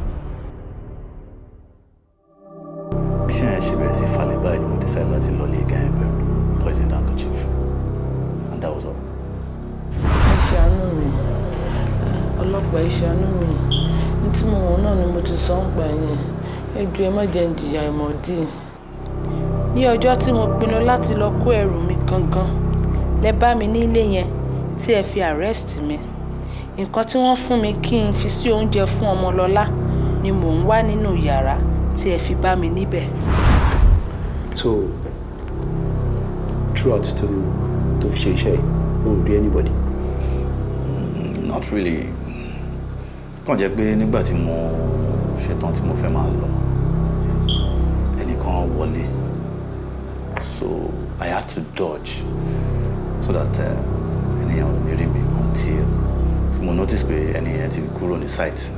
bí ṣe yẹn ṣe bẹ̀rẹ̀ sí falẹ̀ báyìí mo decide láti lọ lé gan ẹ̀ pẹ̀lú poison handkerchief and that was all. ẹ ṣàánú mi ọlọ́pàá ẹ ṣàánú mi ní tí mo wọ̀n náà ni mo ti sọ ń pa yẹn ẹ ju ẹ má jẹ́ ń jìyà ìmọ̀dí. ní ọjọ́ tí mo pinnu láti lọ kó ẹrù mi gangan lẹ bá mi nílé yẹn tí ẹ fi arrest mi nǹkan tí wọ́n fún mi kí n fi sí oúnjẹ fún ọmọlọ́lá ni mò ń wá nínú yàrá tí ẹ fi bá mi níbẹ̀. so throughout to to fi ṣe iṣẹ́ o rí anybody. Mm, not really kàn jẹ́ pé nígbà tí mo ṣetán tí mo fẹ́ máa lọ ẹnìkan wọlé so I had to dodge so that eh, ẹnìyàn ò ní rí mi until tí mo notice pé ẹni yẹn ti kúrò ní site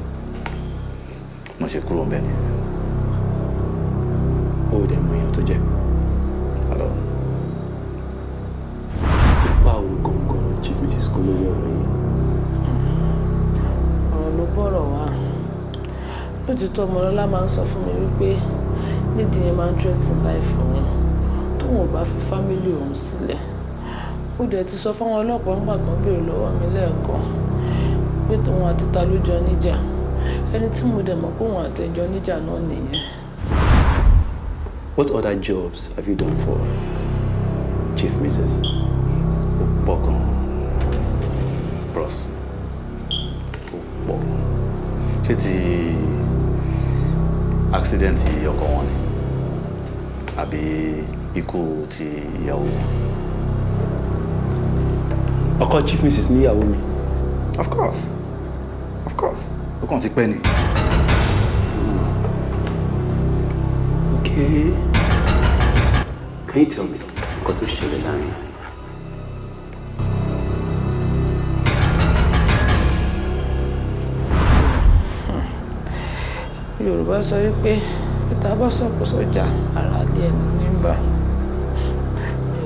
mo ṣe kúrò bẹ́ẹ̀ ni. ó dẹ̀ mọ èèyàn tó jẹ́. àlọ́. ipa wo gangan chief mrs kọ́lóyè ọ̀rọ̀ yìí. Hmm. ọ̀rọ̀ ló bọ̀rọ̀ wá lótìtọ́ ọmọlọ́lá máa ń sọ fún mi wípé nídìí yẹn máa ń threaten life òun tóun ò bá fi fámílì òun sílẹ̀ ó dẹ̀ ti sọ fáwọn ọlọ́pàá ń gbàgbọ́n béèrè lọ́wọ́ mi lẹ́ẹ̀kan pé tòun àti ta ló jọ níjà ẹni tí mo dẹ̀ mọ̀ pé òun àtẹ̀jọ níjà náà nìyẹn. What other jobs have you done for Chief Mrs. Opogon Bros? Opogon ṣé ti accident ọkọ wọn ni àbí ikú ti ìyàwó wọn. ọkọ Chief Mrs. níyàwó mi of course of course ó kàn ti pẹ́ ni. okay can you tell me nǹkan tó ṣẹlẹ̀ láàrin. Hmm. yorùbá sọ wípé ìta bá sọ̀kò sọ́jà ara lé ẹni nígbà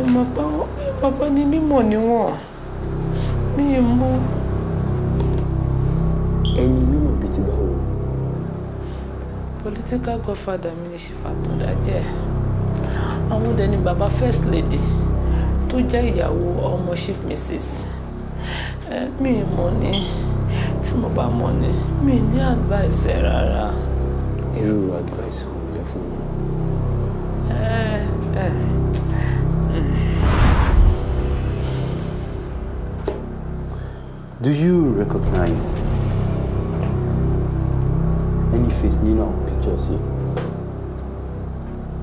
ìmọ̀pá ní mímọ̀ níwọ̀n mi ì mú. political godfather mi ni Ṣìfàtúndà jẹ́ àwọn dẹ̀ ni Baba, first lady tó jẹ́ ìyàwó ọmọ chief mrs ẹ mi mọ̀ ni tí mo bá mọ̀ ni mi ní advice ẹ rárá. irú advice wo lẹ fún mi. Do you recognize face nínú àwọn pictures yìí. chief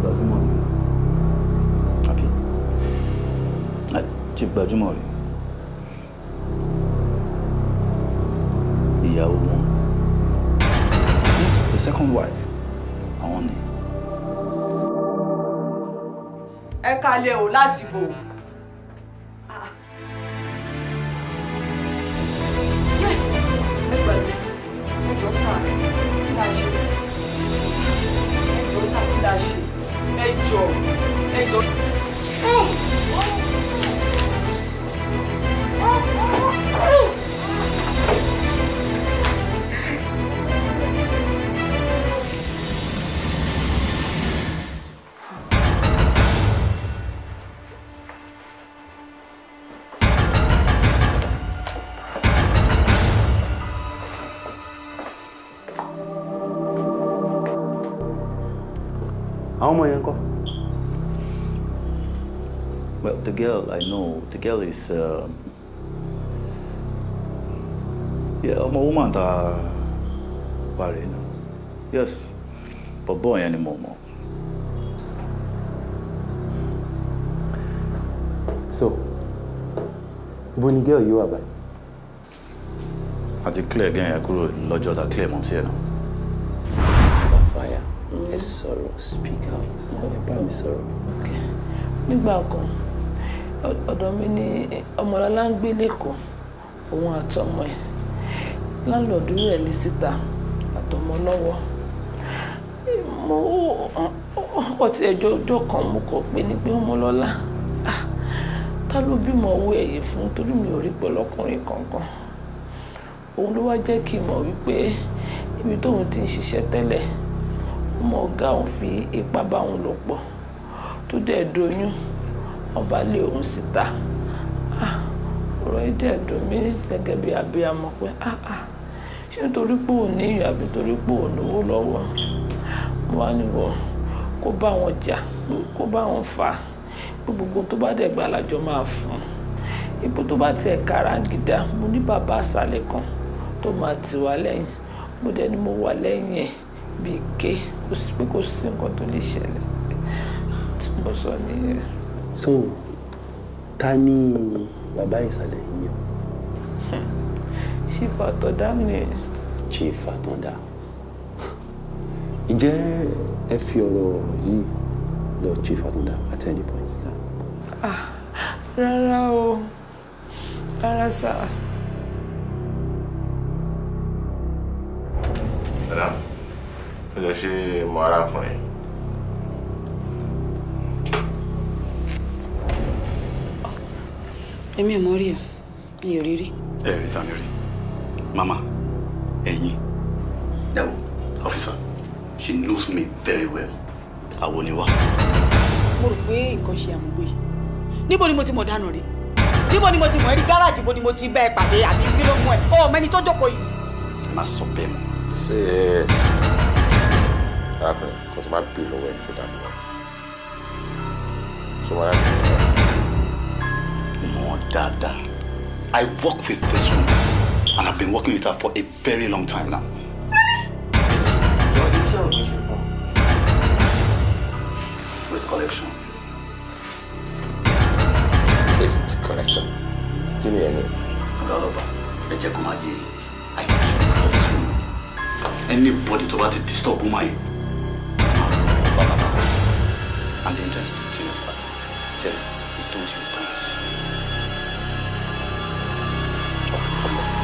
gbajúmọ̀ rẹ̀. àbí eh, chief gbajúmọ̀ rẹ̀. ìyàwó wọn the second wife àwọn ni. ẹ kalẹ̀ o láti bò. girl I know, the girl is, uh, yeah, I'm a woman that married now. Yes, but boy anymore. More. So, ibo girl you are by? àti clear gan yẹn kúrò lọ́jọ́ ta clear mọ̀ sí ẹ̀ Fire, ẹ mm. sorrow. speak out ẹ bá mi sọ̀rọ̀. nígbà kan. ọ̀dọ̀ mi ni ọmọlọ́lá ń gbé lẹ́kọ̀ọ́ òun àtọmọ ẹ̀ láńlọ́ọ̀dù rẹ̀ lé síta àtọmọ lọ́wọ́ mo ọkọ̀ tí ẹjọ́ ọjọ́ kan mo kọ̀ pé ní pé ọmọlọ́lá ah, ta ló bímọ owó ẹ̀yẹ fún torí mi ò rí pẹ̀lú ọkùnrin kankan òun ló wá jẹ́ kí n mọ̀ wípé ibi tóun ti ń ṣiṣẹ́ tẹ́lẹ̀ ọmọ ọ̀gá òun fi ipá bá òun lò pọ̀ tó dẹ̀ doyún ọba lé òun síta ah, ọ̀rọ̀ yìí dẹ̀ dùn mí gẹ́gẹ́ bí abiyamọ pé ah, ah, ṣé nítorí pé òun ní ìyá àbí torí pé òun lówó lọ́wọ́ mo wá níwọ̀ kó bá wọn jà kó bá wọn fà gbogbo tó bá dẹ̀ gbà lájọ máa fún ipò tó bá tiẹ̀ kára gidá mo ní bàbá àsàlẹ̀ kan tó máa tì wá lẹ́yìn mo dẹ̀ ni mo wà lẹ́yìn ẹ̀ bíi ké pé kó sí nǹkan tó lè ṣẹlẹ̀ tí mo sọ nìyẹn so ta ni bàbá ìsàlẹ̀ yìí o. chief àtọ̀dá ni. chief àtọ̀dá ǹjẹ́ ẹ fi ọ̀rọ̀ yìí lọ chief àtọ̀dá at any point in time. ah rárá o rárá sá. madam ẹ jọ ṣe mọ arákùnrin. èmi ò mọ rí o mi ò rí rí. ẹ rí ta ni rí mama ẹyin ẹ wo officer she knows me very well àwo ni wá. mo rò pé nǹkan ṣe àmúgbò yìí níbo ni mo ti mọ̀ dáná rí níbo ni mo ti mọ̀ rí gáràjì bo ni mo ti bẹ́ ẹ pàdé àbí kí ló mú ẹ ọ mẹni tó jókòó yìí. ẹ má sọ bẹ́ẹ̀ mọ́. ṣé ẹ dábẹ́ kó tó lọ́wọ́ ẹ̀ kó dàbí wọn. sọ ma yà kí n wọn dáadáa I work with this woman and I've been working with her for a very long time now. Waste collection. Waste collection. Kí ni ẹni? Ọ̀gá ọlọ́ba, ẹ jẹ́ kó máa yé I kill for this woman. Anybody tó bá ti disturb woman yìí, máa lọ bá bàbá. And the interesting thing is that, Jerry, you don't you.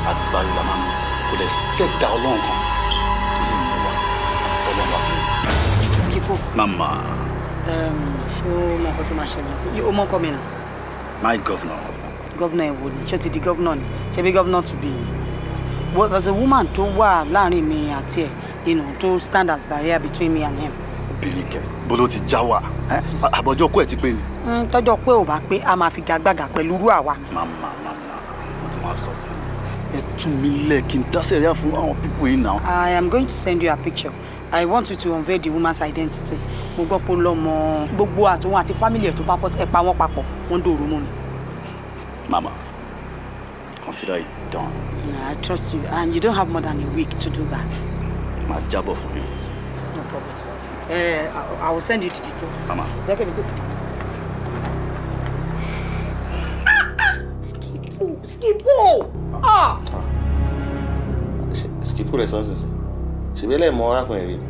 agbára la máa mú kò lè ṣẹ̀dá ọlọ́run kan tó lè mú wa àti tọ́lọ́ wa fún mi. skipo. mama. ṣé o mọ ọkọ tó máa ṣẹlẹ̀ sí o mọ ọkọ mi náà. my governor. governor èwo ni ṣé o ti di governor ni ṣé bí governor to be ni well as a woman tó wà láàrin mi àti ẹ you know tó stand as barrier between me and him. obìnrin kẹ bolo ti já wa àbọ̀jọ́ kó ẹ̀ ti pé ni. Hmm, tọ́jọ́ pé ò bá pé a máa fi gàgbàgà pẹ̀lú irú àwa. màmá Mama, wọ́n ti máa sọ fún I am going to send you a picture. I want you to unveil the woman's identity. Mo gbọ́ pé ó lọ́mọ gbogbo àtòun family ẹ̀ tó bá pọ̀ ẹ̀ pa wọ́n Mama, consider it done. Yeah, I trust you and you don't have more than a week to do that. My job for you. No problem. Uh, I will send you the details. Mama. Jẹ́ kí mi tètè. Ah, ah! Skipo! Oh, Skipo! Oh! skipo lẹ sọ ń sísìn ṣèbí ẹlẹ́mọ arákùnrin rẹ eh, ni.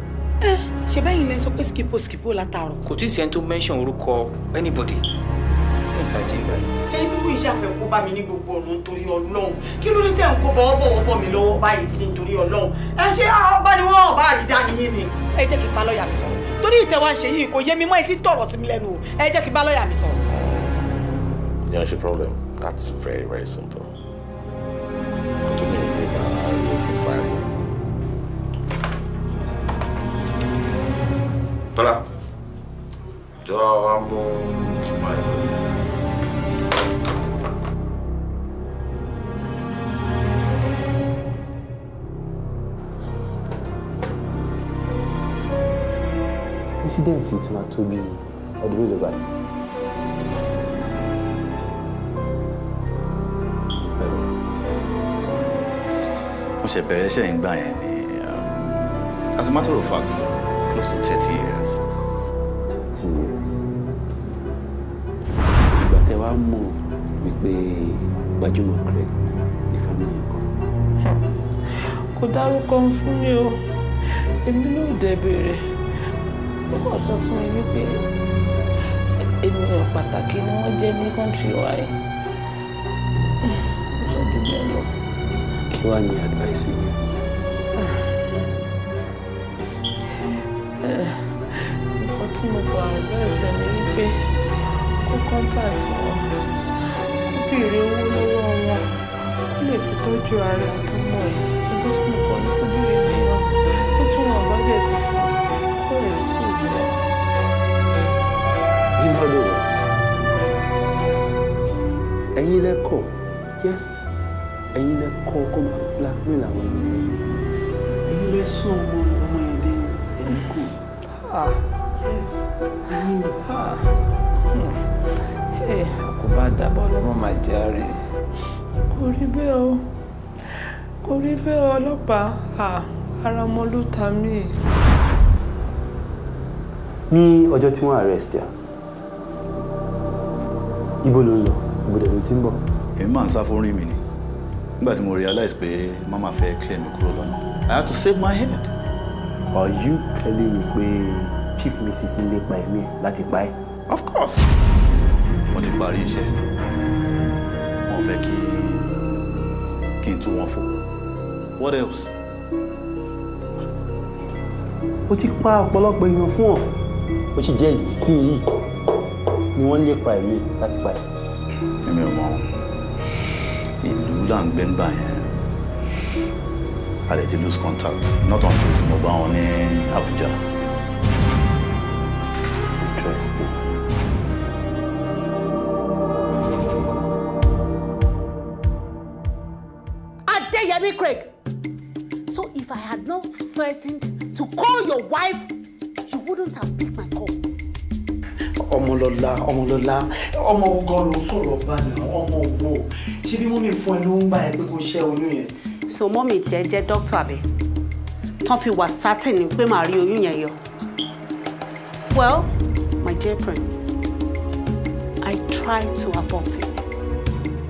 ẹ ṣe bẹ́yìn lẹ sọ pé skipo skipo látàárọ̀. kò tí ì sẹ́ni tó mention orúkọ anybody since that day báyìí. ẹ bíbú iṣẹ́ àfẹ́kọ́ bá mi ní gbogbo ọ̀nà nítorí ọlọ́run kí ló dé tẹ̀ ń kó bọ́wọ́ bọ̀wọ́ bọ̀ mí lọ́wọ́ báyìí sí nítorí ọlọ́run ẹ ṣe ọba ni wọ́n ọba àrídá nìyí ni. ẹ jẹ́ kí n bá lọ́ọ̀yà mi sọ̀rọ̀ torí ìtẹ̀wá ń ṣe yìí kò yé mi mọ́ ẹ ti tọ̀rọ̀ sí mi lẹ́nu o ẹ jẹ́ kí n bá lọ́ọ̀yà mi sọ̀rọ̀. Yeah, it's a problem. That's very, very simple. Tọ́lá jọ mú ọmọ ẹ̀. incident ti máa tó bí ọdún mélòó báyìí. mo ṣe bẹ̀rẹ̀ iṣẹ́ yìí gbà yẹn ni um, as a matter of fact close to 30 years. 30 years. ìgbà tẹ wá mọ̀ wípé gbajúmọ̀ craig ní family kan. kò dárúkọ fún mi o èmi náà dẹ̀ béèrè ó kàn sọ fún mi wípé ènìyàn pàtàkì ni wọ́n jẹ́ ní kọ́ńtì wa yìí. kí wàá ní advice yẹn. nǹkan tí mo kọ àgbẹ̀ ni wípé kó kọ́ńtàtì wọn kó béèrè owó lọ́wọ́ wọn kó lè fi tọ́jú ara àtọmọ ẹ̀ nǹkan tí mo kọ ní kó béèrè nìyẹn tó tún wọn bá dẹ̀ ti fún kó expose wọn. you know the word ẹ̀yin lẹ́kọ̀ọ́ yes ẹ̀yin lẹ́kọ̀ọ́ kó máa blackmail àwọn ènìyàn ẹ̀yin lẹ́sùn ọmọ ọmọ. Ah, yes, Ah. Hey, hmm. eh, àkóbá dàbọ̀ lọ́wọ́ máa jẹ́ àárẹ̀. Kò rí bẹ́ẹ̀ o. Kò rí bẹ́ẹ̀ ọlọ́pàá. Ah, ara ọmọ ló ta mí. Ní ọjọ́ tí wọ́n arrest ya, ibo ló ń lọ? Ìbòdè ló ti ń bọ̀. Èmi máa ń sá fún rí mi ni. Nígbà tí mo realize pé màmá fẹ́ clear mi kúrò lọ́nà. I had to save my head. Are you telling me pé chief mrs ń lépa ẹ̀mí ẹ̀ láti pa ẹ́. Of course. wọ́n ti parí iṣẹ́ wọ́n fẹ́ kí kí n tú wọn fún. What else? ó ti pa ọ̀pọ̀lọpọ̀ èèyàn fún ọ ó sì jẹ́ ìsìn yìí ni wọ́n lépa ẹ̀mí láti pa ẹ̀. èmi ò mọ ìlú là ń gbẹ́ ń bà yẹn a lè lose contact not until tomorrow mo bá wọn ní Abuja. interesting. Adeyemi Craig. So if I had not threatened to call your wife, you wouldn't have picked my call. Ọmọlọ́lá, Ọmọlọ́lá, ọmọ ogun ló sọ̀rọ̀ bá ní ọmọ òwò. Ṣé bí mú mi fún ẹ ló ń gbà ẹ pé kó ṣẹ́ oyún yẹn? so mọ́mì tiẹ̀ jẹ́ dókítà abẹ tán fi wà sátìn ni pé màá rí oyún yẹn yọ. well my dear prince I tried to abort it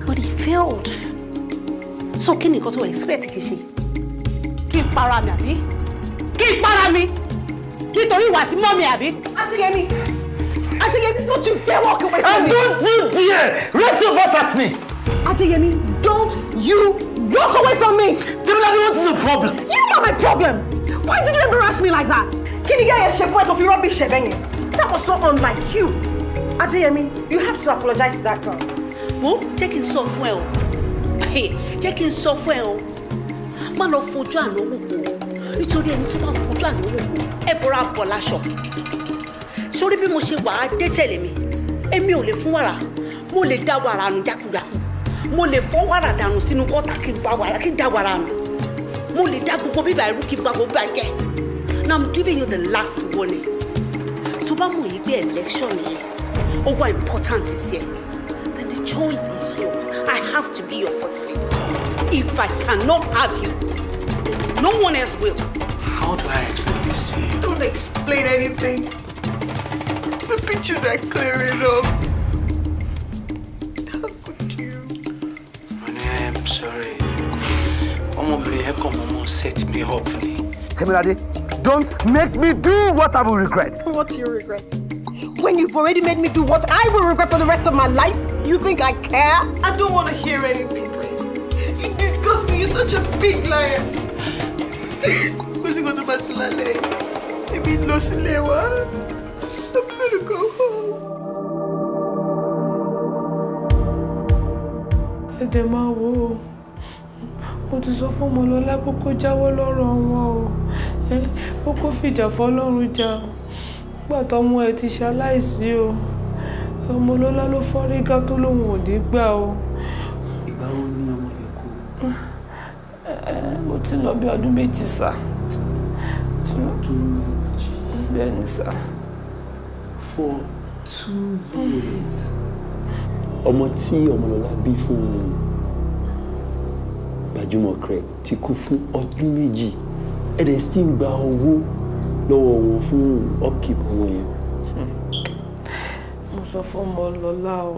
but it failed so kí ni nǹkan tó expect kì í ṣe kí n para mi àbí kí n para mi nítorí ìwà tí mọ́mì àbí. àti yẹmi Adeyemi, don't you dare walk away from me. And don't you dare. Raise your voice at me. Adeyemi, don't you Walk away from me! Demilade, what is the problem? You are my problem! Why did you embarrass me like that? Can you get your fún ẹ̀sọ́ fi rọ́bì ṣẹ̀bẹ̀ yẹn? That was so unlike you. Adeyemi, you have to apologize to that girl. Wo jẹ́ kí Hey, sọ fún ẹ o. Jẹ́ kí n sọ fún ẹ o. Má lọ fojú àná wò kó. Nítorí ẹni tó bá fojú àná wò kó, ẹ bọ́ra bọ̀ láṣọ. mo ṣe wà á dé tẹ̀lé mi, èmi ò mo lè dá wàrà nù mo lè fọ́ wàrà dànù sínú gọ́tà kí n pa wàrà kí n da wàrà nù mo lè dá gbogbo bíbà irú kí n pa gbogbo bíbà now i'm giving you the last warning tó bá mọ̀ yìí pé election yìí ó wà important sí ẹ then the choice is yours i have to be your first lady if i cannot have you then no one else will. how do i explain this to you. don't explain anything the pictures are clear enough. obìnrin yẹn kàn mọ́ set me up ni. Temilade, don't make me do what I will regret. What do you regret? When you've already made me do what I will regret for the rest of my life, you think I care? I don't want to hear anything, please. You disgust me. You're such a big liar. What's going to Masulale? If you lost Lewa, I'm going to go home. Edema, whoa mo ti sọ fún ọmọlọ́lá pé kó jáwọ́ lọ́rọ̀ wọn o pé kó fìjà fọlọ́run jà nígbà tọmọ ẹ ti ṣaláìsí o ọmọlọ́lá ló fọ́ rígá tó lóun ò ní gbà o. ìgbà wo ni ọmọ yẹn kú. mo ti lọ bí ọdún méjì sá. ọdún sá. for two years. ọmọ tí ọmọlọ́lá bí fún un. Ajúmọ̀kẹ́ ti kú fún ọdún méjì ẹ̀dẹ̀ sì ń gba owó lọ́wọ́ wọn fún upkeep wọn yẹn. mo sọ fún Ọmọlọ́lá o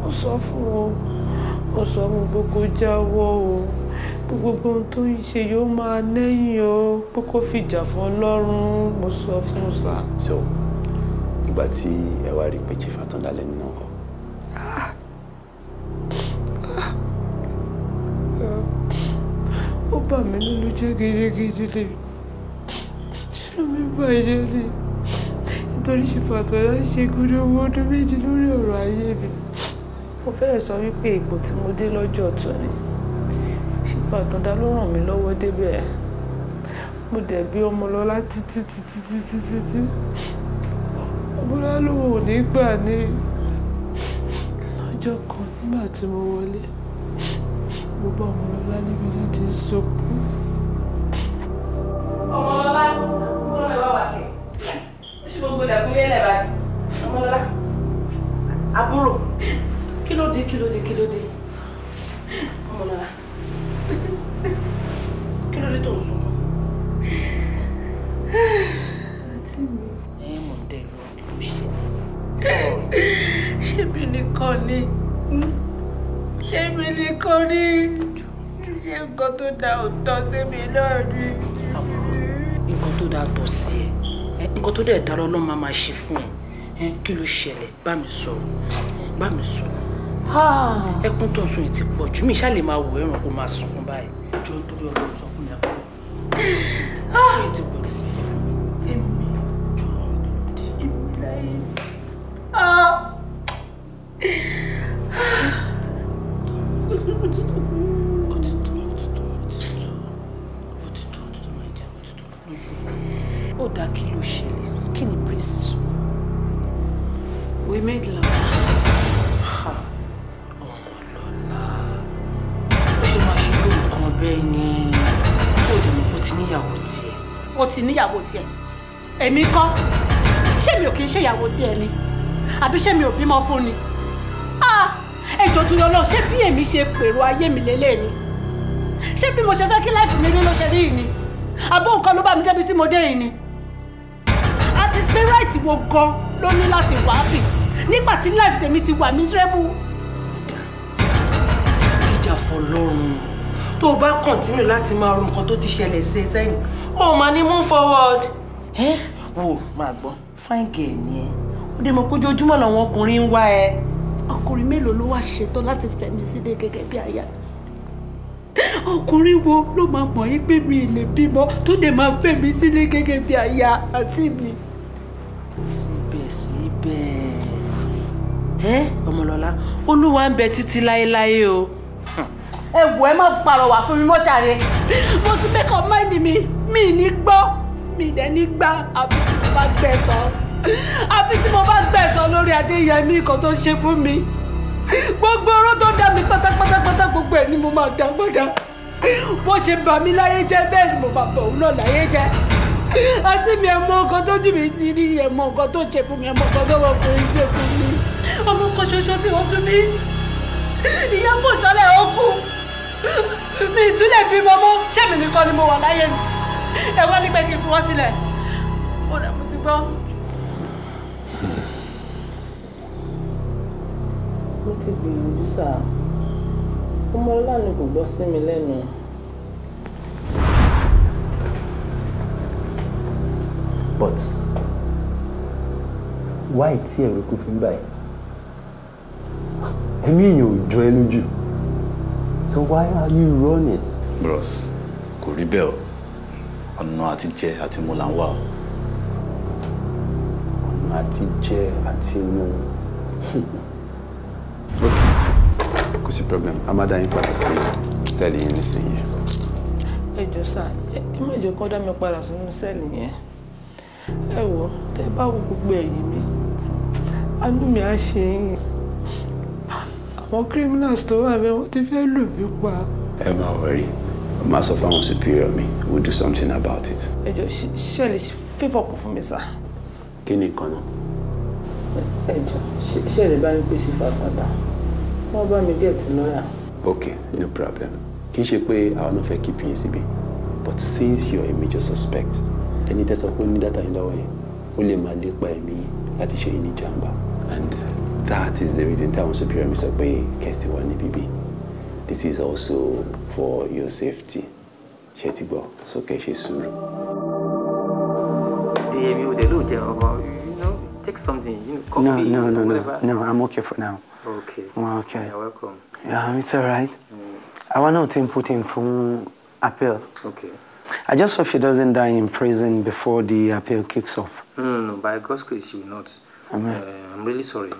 mo sọ fún o mo sọ fún gbogbo jáwọ́ o gbogbo ohun tó ń ṣe yóò máa lẹ́yìn o pé kó fìjà fún Ọlọ́run mo sọ fún sa. so ìgbà tí ẹ wá rí i pé chief atandale nínú bà mí nínú jẹ́ gidigidi lè nínú mi bàjẹ́ lè nítorí ṣe pàtó láti ṣe gúdú owó ọdún méjì lórí ọ̀rọ̀ ayé mi. mo fẹ́rẹ̀ sọ wípé ipò tí mo dé lọ́jọ́ ọ̀tún ni ṣe pàtó dá ló ràn mí lọ́wọ́ débẹ̀ mo dẹ̀ bí ọmọ lọ láti títí títí títí tí ọmọlá lòun ò ní gbà ní lọ́jọ́ kan ọmọlọ́lá ọmọlọ́lá ìwà wà kẹ̀ ó ṣe gbogbo ilẹ̀kùn lé lẹ́ẹ̀ báyìí ọmọlọ́lá àbúrò kí ló dé kí ló dé kí ló dé ọmọlọ́lá kí ló dé tó ń sunkún. àǹtí mi. ẹ mọ̀ ń dẹ́rù ọdún ló ṣẹlẹ̀. ṣébi nìkan ṣé nǹkan tó da òótọ́ sí mi náà rí tó dáa tọ̀ sí ẹ nǹkan tó dẹ̀ dára ọlọ́run máa máa ṣe fún ẹ kí ló ṣẹlẹ̀ bá mi sọ̀rọ̀ bá mi sọ̀rọ̀ ah. ẹkún tó ń sun ìtì pọ̀ jù mí ṣáà lè máa wò ẹ̀ràn kó máa sunkún báyìí jọ nítorí ọlọ́run sọ fún mi àkókò ìtì pọ̀ jù mí sọ fún mi. jọ ọ̀hún kò dé èmi èmi kọ́ ṣé mi ò kí ń ṣèyàwó tiẹ̀ ni àbí ṣé mi ò bímọ fún ni ẹjọ́ tó lọ́lọ́ ṣé bí èmi ṣe pèrò ayé mi lélẹ̀ ni ṣé bí mo ṣe fẹ́ kí láìpẹ́ mi rí ló ṣe rí yìí ni àbó nǹkan ló bá mi débi tí mo dé yìí ni àti pé ráìtì wo gan ló ní láti wà bì nígbà tí láìpẹ́ tèmi ti wà mísírẹ́bù. ìjà fọlọ́run tó o bá kọ̀ntínú láti máa ro nǹkan tó ti ṣẹlẹ̀ sí ẹ sẹ́yìn o máa ní move forward. Eh? wò máa gbọ́ fine girl ni ẹ ó dé mọ pé ojoojúmọ́ làwọn ọkùnrin ń wá ẹ. ọkùnrin mélòó ló wá ṣetán láti fẹ̀mí sílé gẹ́gẹ́ bí aya ọkùnrin wo ló máa mọ̀ yín pé mi lè bímọ tó dé máa fẹ̀mí sílé gẹ́gẹ́ bí aya àti mi. síbẹ̀síbẹ̀ ẹ ọmọlọ́lá olúwa ń bẹ títí láéláé o. ẹ wò ẹ má pàrọwà fún mi mọ́jà mo ti mẹ́kọ̀ọ́ máìlì mi mi ní gbọ́ mi dẹ̀ nígbà àfi tí mo bá gbẹ̀san àfi tí mo bá gbẹ̀san lórí adéyẹmí nǹkan tó ṣe fún mi gbogbo ọ̀rọ̀ tó dá mi pátápátápátá gbogbo ẹ̀ ni mo máa dá padà bó ṣe bà mí láyé jẹ́ bẹ́ẹ̀ ni mo bá bọ̀ òun náà láyé jẹ́ àti mi ẹ̀ mọ nǹkan tó jù mí sí rí ẹ̀ mọ nǹkan tó ṣe fún mi ẹ̀ mọ nǹkan tó ọkùnrin ṣe fún mi ọmọ kan ṣoṣo tí wọ́n tún ní ìyá fòṣọlẹ̀ ó kú mi ìtúlẹ̀ bímọ mọ́ ṣẹ́mi nìkan ni mo wà láyé mi ẹ wọ́n ní pé kí n fi wọ́n sílẹ̀ ó dà mo ti gbọ́. mo ti gbìyànjú sáà ọmọ ọlọ́ni kò gbọ́ sí mi lẹ́nu. but why tí ẹ̀rọ kò fi ń báyìí ẹ̀mí èèyàn ò jọ ẹ lójú so why are you running. bros kò rí bẹ́ẹ̀ o ọ̀nà àti jẹ àti mu là ń wà o. ọ̀nà àti jẹ àti mu. ok kò sí problem a máa dá yín padà sí sẹ́ẹ̀lì yín nísìnyí. ẹ jọ sá ẹ má jẹ́ kó dá mi padà sínú sẹ́ẹ̀lì yẹn ẹ wò tẹ́ bá wo gbogbo ẹ̀yìn mi àánú mi á ṣe yín àwọn criminals tó wà bẹ́ẹ̀ wọ́n ti fẹ́ lù mí pa. ẹ má wọrí máa sọ fáwọn superior Me, we will do something about it. ẹ jọ̀ọ́ ṣe lè favour kù fún mi sá. kí ni nǹkan náà. ẹ jọ̀ọ́ ṣe lè bá mi pè sí fàgbàdà wọ́n bá no problem kì I will not àwọn náà fẹ́ keep yín síbi but since you're a major suspect any test of ó ní dátà yín lọ́wọ́ yẹn ó lè máa me that is láti ṣe yín and that is the reason táwọn superior mi sọ pé kẹ́sì wà ní bíbí this is also for your safety ṣe ti gbọ́ sókè ṣe sùúrù. èmi ò dé ló jẹ ọmọ you know take something you know coffee whatever. no, no, no no no i'm okay for now. okay well, okay you're welcome. yeah it's alright. Mm. àwa náà ti ń put in fún appeal. okay. I just hope she doesn't die in prison before the appeal kicks off. No, no, By God's grace, she will not. Amen. Uh, I'm really sorry.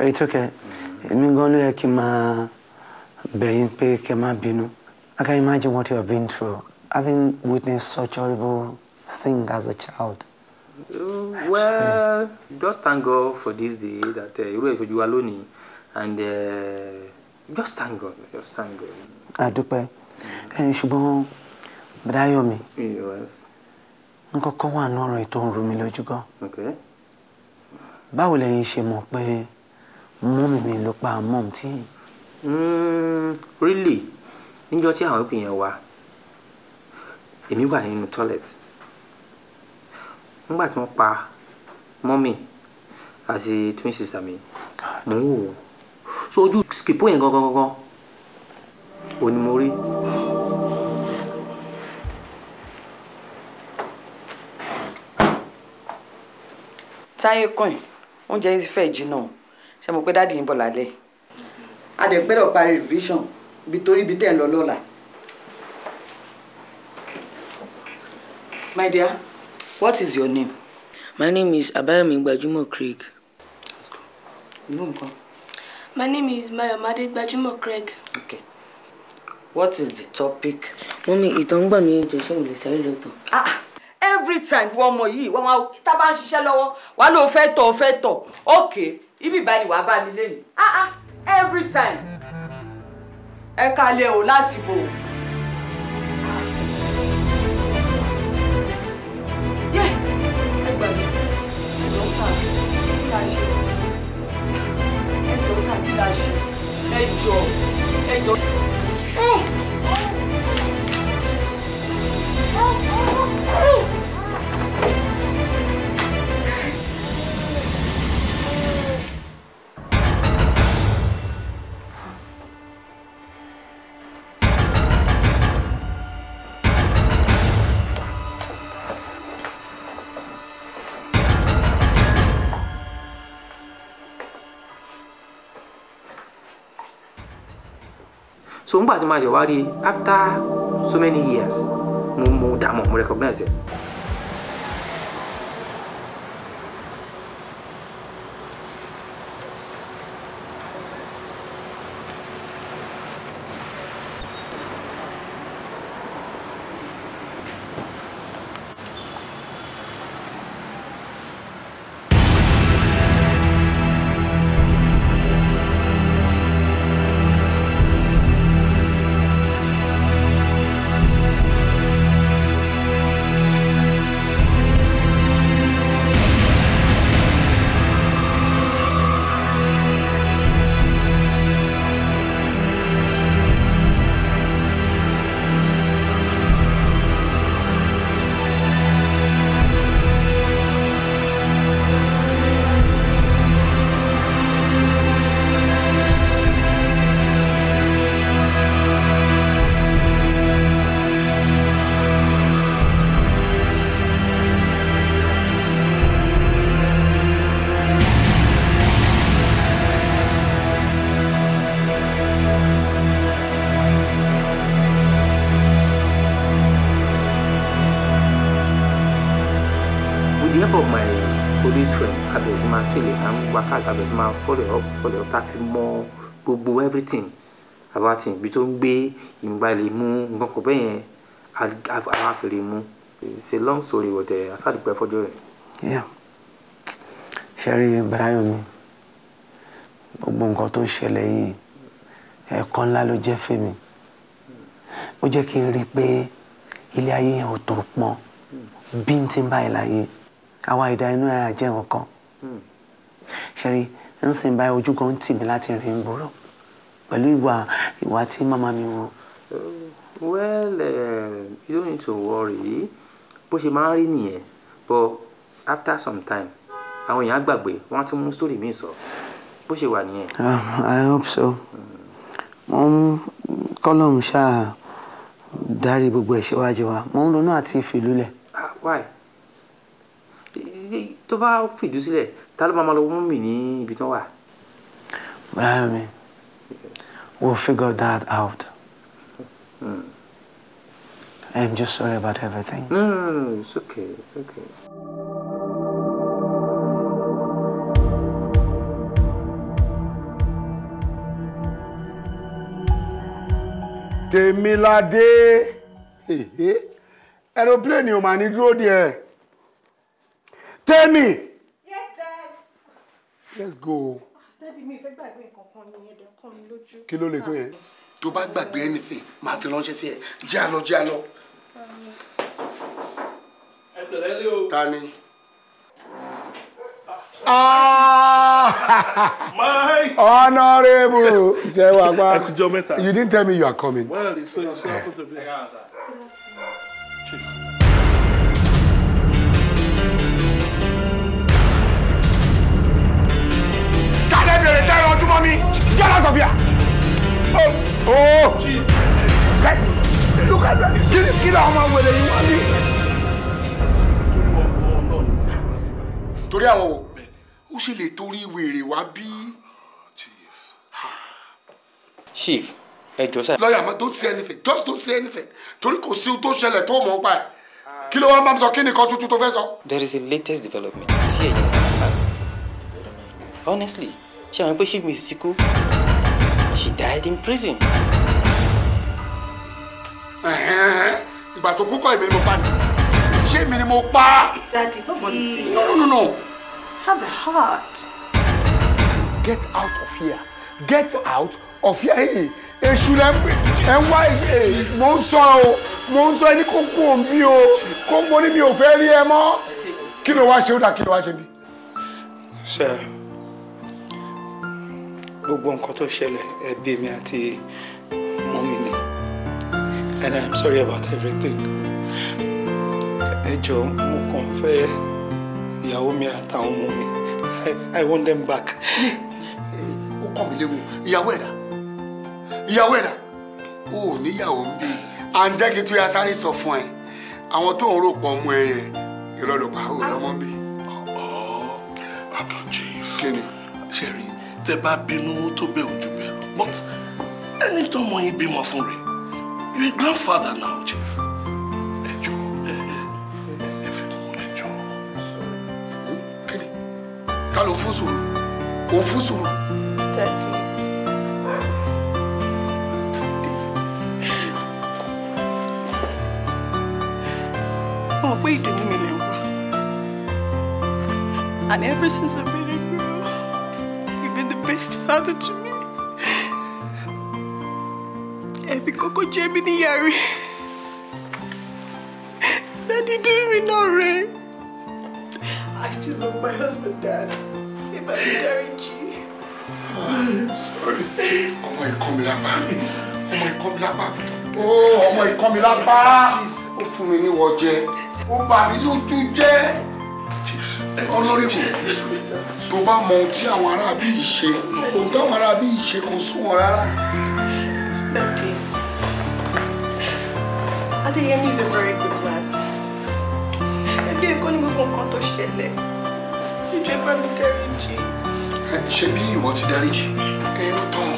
It's okay. I'm really sorry. Uh, it's okay. Mm begging pé kẹ́ má I can imagine what you have been through, having witnessed such horrible thing as a child. Uh, well, just thank God for this day that you uh, ẹ̀ ṣojú wa and uh, just thank God, just thank God. Àdúpẹ́ And Bàdáyọ̀mí nǹkan kan wà ní ọ̀rọ̀ ètò ń ru mi lójú gan. Báwo lẹ̀yin ṣe mọ̀ pé mọ́mì mi ló pa mọ́m tí. Mm, really níjọ́ tí àwọn ìpìyẹn wá èmi wà nínú toilet nígbà tí wọ́n pa mọ́mì àti twin sister mi mò ń wò ó so ojú skip yẹn gangan gangan ò ní mo rí. táyé kàn oúnjẹ yìí ti fẹ́ jiná ṣe mo pé dáàdi ń bọ̀ lálẹ́ a dẹ̀ gbẹ́dọ̀ parí revision bí torí bí tẹ̀ ń lọ lọ́la. My dear, what is your name? My name is Abayomi Gbajumo Craig. Inú nǹkan. My name is Mayomade Gbajumo Craig. Okay. What is the topic? Mọ́mí ìtàn ń gbà mí jẹ́ ṣé mo lè sáré lọ́tọ̀. Ah, ah! every time wọ́n ọmọ yìí wọ́n máa tá a bá ń ṣiṣẹ́ lọ́wọ́ wàá lóò fẹ́ tọ̀ fẹ́ tọ̀ okay ibi ìbáni wàá bá mi lẹ́yìn. Ah ah! every time ẹ kalẹ̀ o láti bò. yẹ ẹ gbà mí ẹjọ sàn kí la ṣe ẹjọ sàn kí la ṣe ẹjọ ẹjọ. so ńgbà tí mo ṣe wá rí after so many years mo mo dààmú mo recognize it. follow up follow up láti mọ gbogbo everything about him ibi tó ń gbé ìgbà lè mú nǹkan kan bẹ́ẹ̀ yẹn àwọn àfẹ́rẹ́ mú it's a long story but eh, asádùpẹ́ fọjọ́ rẹ̀. ṣẹ́rí báyọ̀ mi gbogbo nǹkan tó ṣẹlẹ̀ yìí ẹ̀kọ́ ńlá ló jẹ́ fèmi ó jẹ́ kí n rí i pé ilé ayé yẹn ò tó pọn bí n ti ń bá ẹ̀ láyé àwa ìdá inú ẹ̀ àjẹ́ nǹkan hmm. ṣẹ́rí. Mm ń sìn báyìí ojú gan tì mí láti rìn gbòòrò pẹ̀lú ìwà ìwà tí màmá mi wò. well uh, you don't need to worry bó ṣe máa ń rí nìyẹn but after some time àwọn èèyàn á gbàgbé wọ́n á tún mú sórí mi sọ bó ṣe wà nìyẹn. Ah, i hope so mo ń kọ́lọ́m ṣáà dárí gbogbo ẹ̀ síwájú wa mo ń ronú àti fìlú lẹ̀. Ah, why tó bá fìdú sílẹ̀ ta ló máa mi ní ibi tán wà. Brahmi, we'll figure that out. Hmm. I'm just sorry about everything. No, no, no, it's okay, it's okay. Tèmiládé aeroplane ò mà ní dúró díẹ̀ Tèmi let's go. dádì mi ìfẹ́ gbàgbé nǹkan kan ni ẹ̀dẹ̀ kan mi lójú. kí ló lè tó yẹn. tó bá gbàgbé anything máa fi ránṣẹ́ sí ẹ jẹ́ àlọ́ jẹ́ àlọ́. ẹ tẹ̀lé lé o. ta ni. Ah! Honorable you didn't tell me you are coming. Well, so, it's so to be. on me! Get out of here! Oh! Oh! Jeez. Hey, look at that! Kí ni kí ni ọmọ wẹ̀lẹ̀ you, wá ní? Torí àwọn wo? Ó ṣe lè torí wèrè wá bí? Chief, ẹ jọ sáà. Lọ́yà man, don't say anything, just don't say anything. Torí kò sí ohun tó ṣẹlẹ̀ tó mọ̀ pa ẹ̀. Kí ló wá ń bá mi sọ kí nìkan tuntun tó fẹ́ sọ? There is a latest development tí ẹ̀yin ń sá. Honestly ṣe àwọn pé chief mrs ti kú she died in prison. ìgbà tó kú kọ́ èmi ni mo pa ni ṣé èmi ni mo pa. daddy please. no no no no. have a heart. get out of here get out of here èṣù lẹ ẹ ń wá ẹ mò ń sọ o mò ń sọ ẹni kó kú òun o kó mi ò fẹ́ rí ẹ mọ́ kí ló wá ṣe ó dà kí ló wá ṣe bí. sẹ́ẹ̀ gbogbo nǹkan tó ṣẹlẹ̀ ẹbí mi àti mọ́mí ni and I'm sorry about everything. ẹ mo kàn fẹ́ ìyàwó mi àtàwọn ọmọ mi I want them back. ó kàn mí léwu ìyàwó ẹ̀dá ìyàwó ẹ̀dá o ò níyàwó ń bí àǹdẹ́kì tó yà sáré sọ fún ẹ àwọn tó ń rò pọ̀ mú ẹ yẹn ìrọ̀lùpàá ò lọ́mọ́ ń bí. ọ̀ọ́ oh, oh. Abdul Chief kí ni tẹ bá bínú tó bẹ ojú bẹ but ẹni tó mọ yín bímọ fún rẹ you a grandfather now chief ẹ jọ ẹ ẹ fẹ mú ẹ jọ. Hmm? kíni ta ló fún sùúrù òun fún sùúrù. mo mọ̀ pé ìdùnnú mi lè wá and ever since I next father to me. Ẹ̀bí kọ́kọ́ jẹ́ mi níyàrí. Daddy do me no rain. I still love my husband, Dad. If I be daring G. I'm sorry. Ọmọ ìkọ́milápá. Oh, ìkọ́milápá. Ọmọ ìkọ́milápá. Ó fún mi ní wọ́jẹ́. Ó bà mí lójú jẹ́ ọ̀nàrẹ́bù tó bá mọ ohun tí àwọn aráabí yìí ṣe ohun táwọn aráabí yìí ṣe kò sún wọn rárá. Daddy, Adéyẹmí is a very good man. Ẹbí ẹ̀kọ́ ní gbogbo nǹkan tó ṣẹlẹ̀. Ìjọ bá mi dáríjì. Ṣé bí ìwọ ti dáríjì? Ẹ ó tán.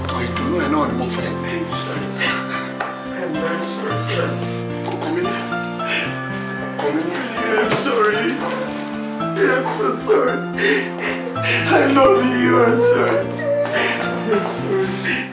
Ọ̀tọ̀ ìdùnnú ẹ̀ náà ni mo fẹ́. I'm very sorry, sir. Kò kàn mí náà. I'm sorry. I'm so sorry. I love you. I'm sorry. I'm sorry.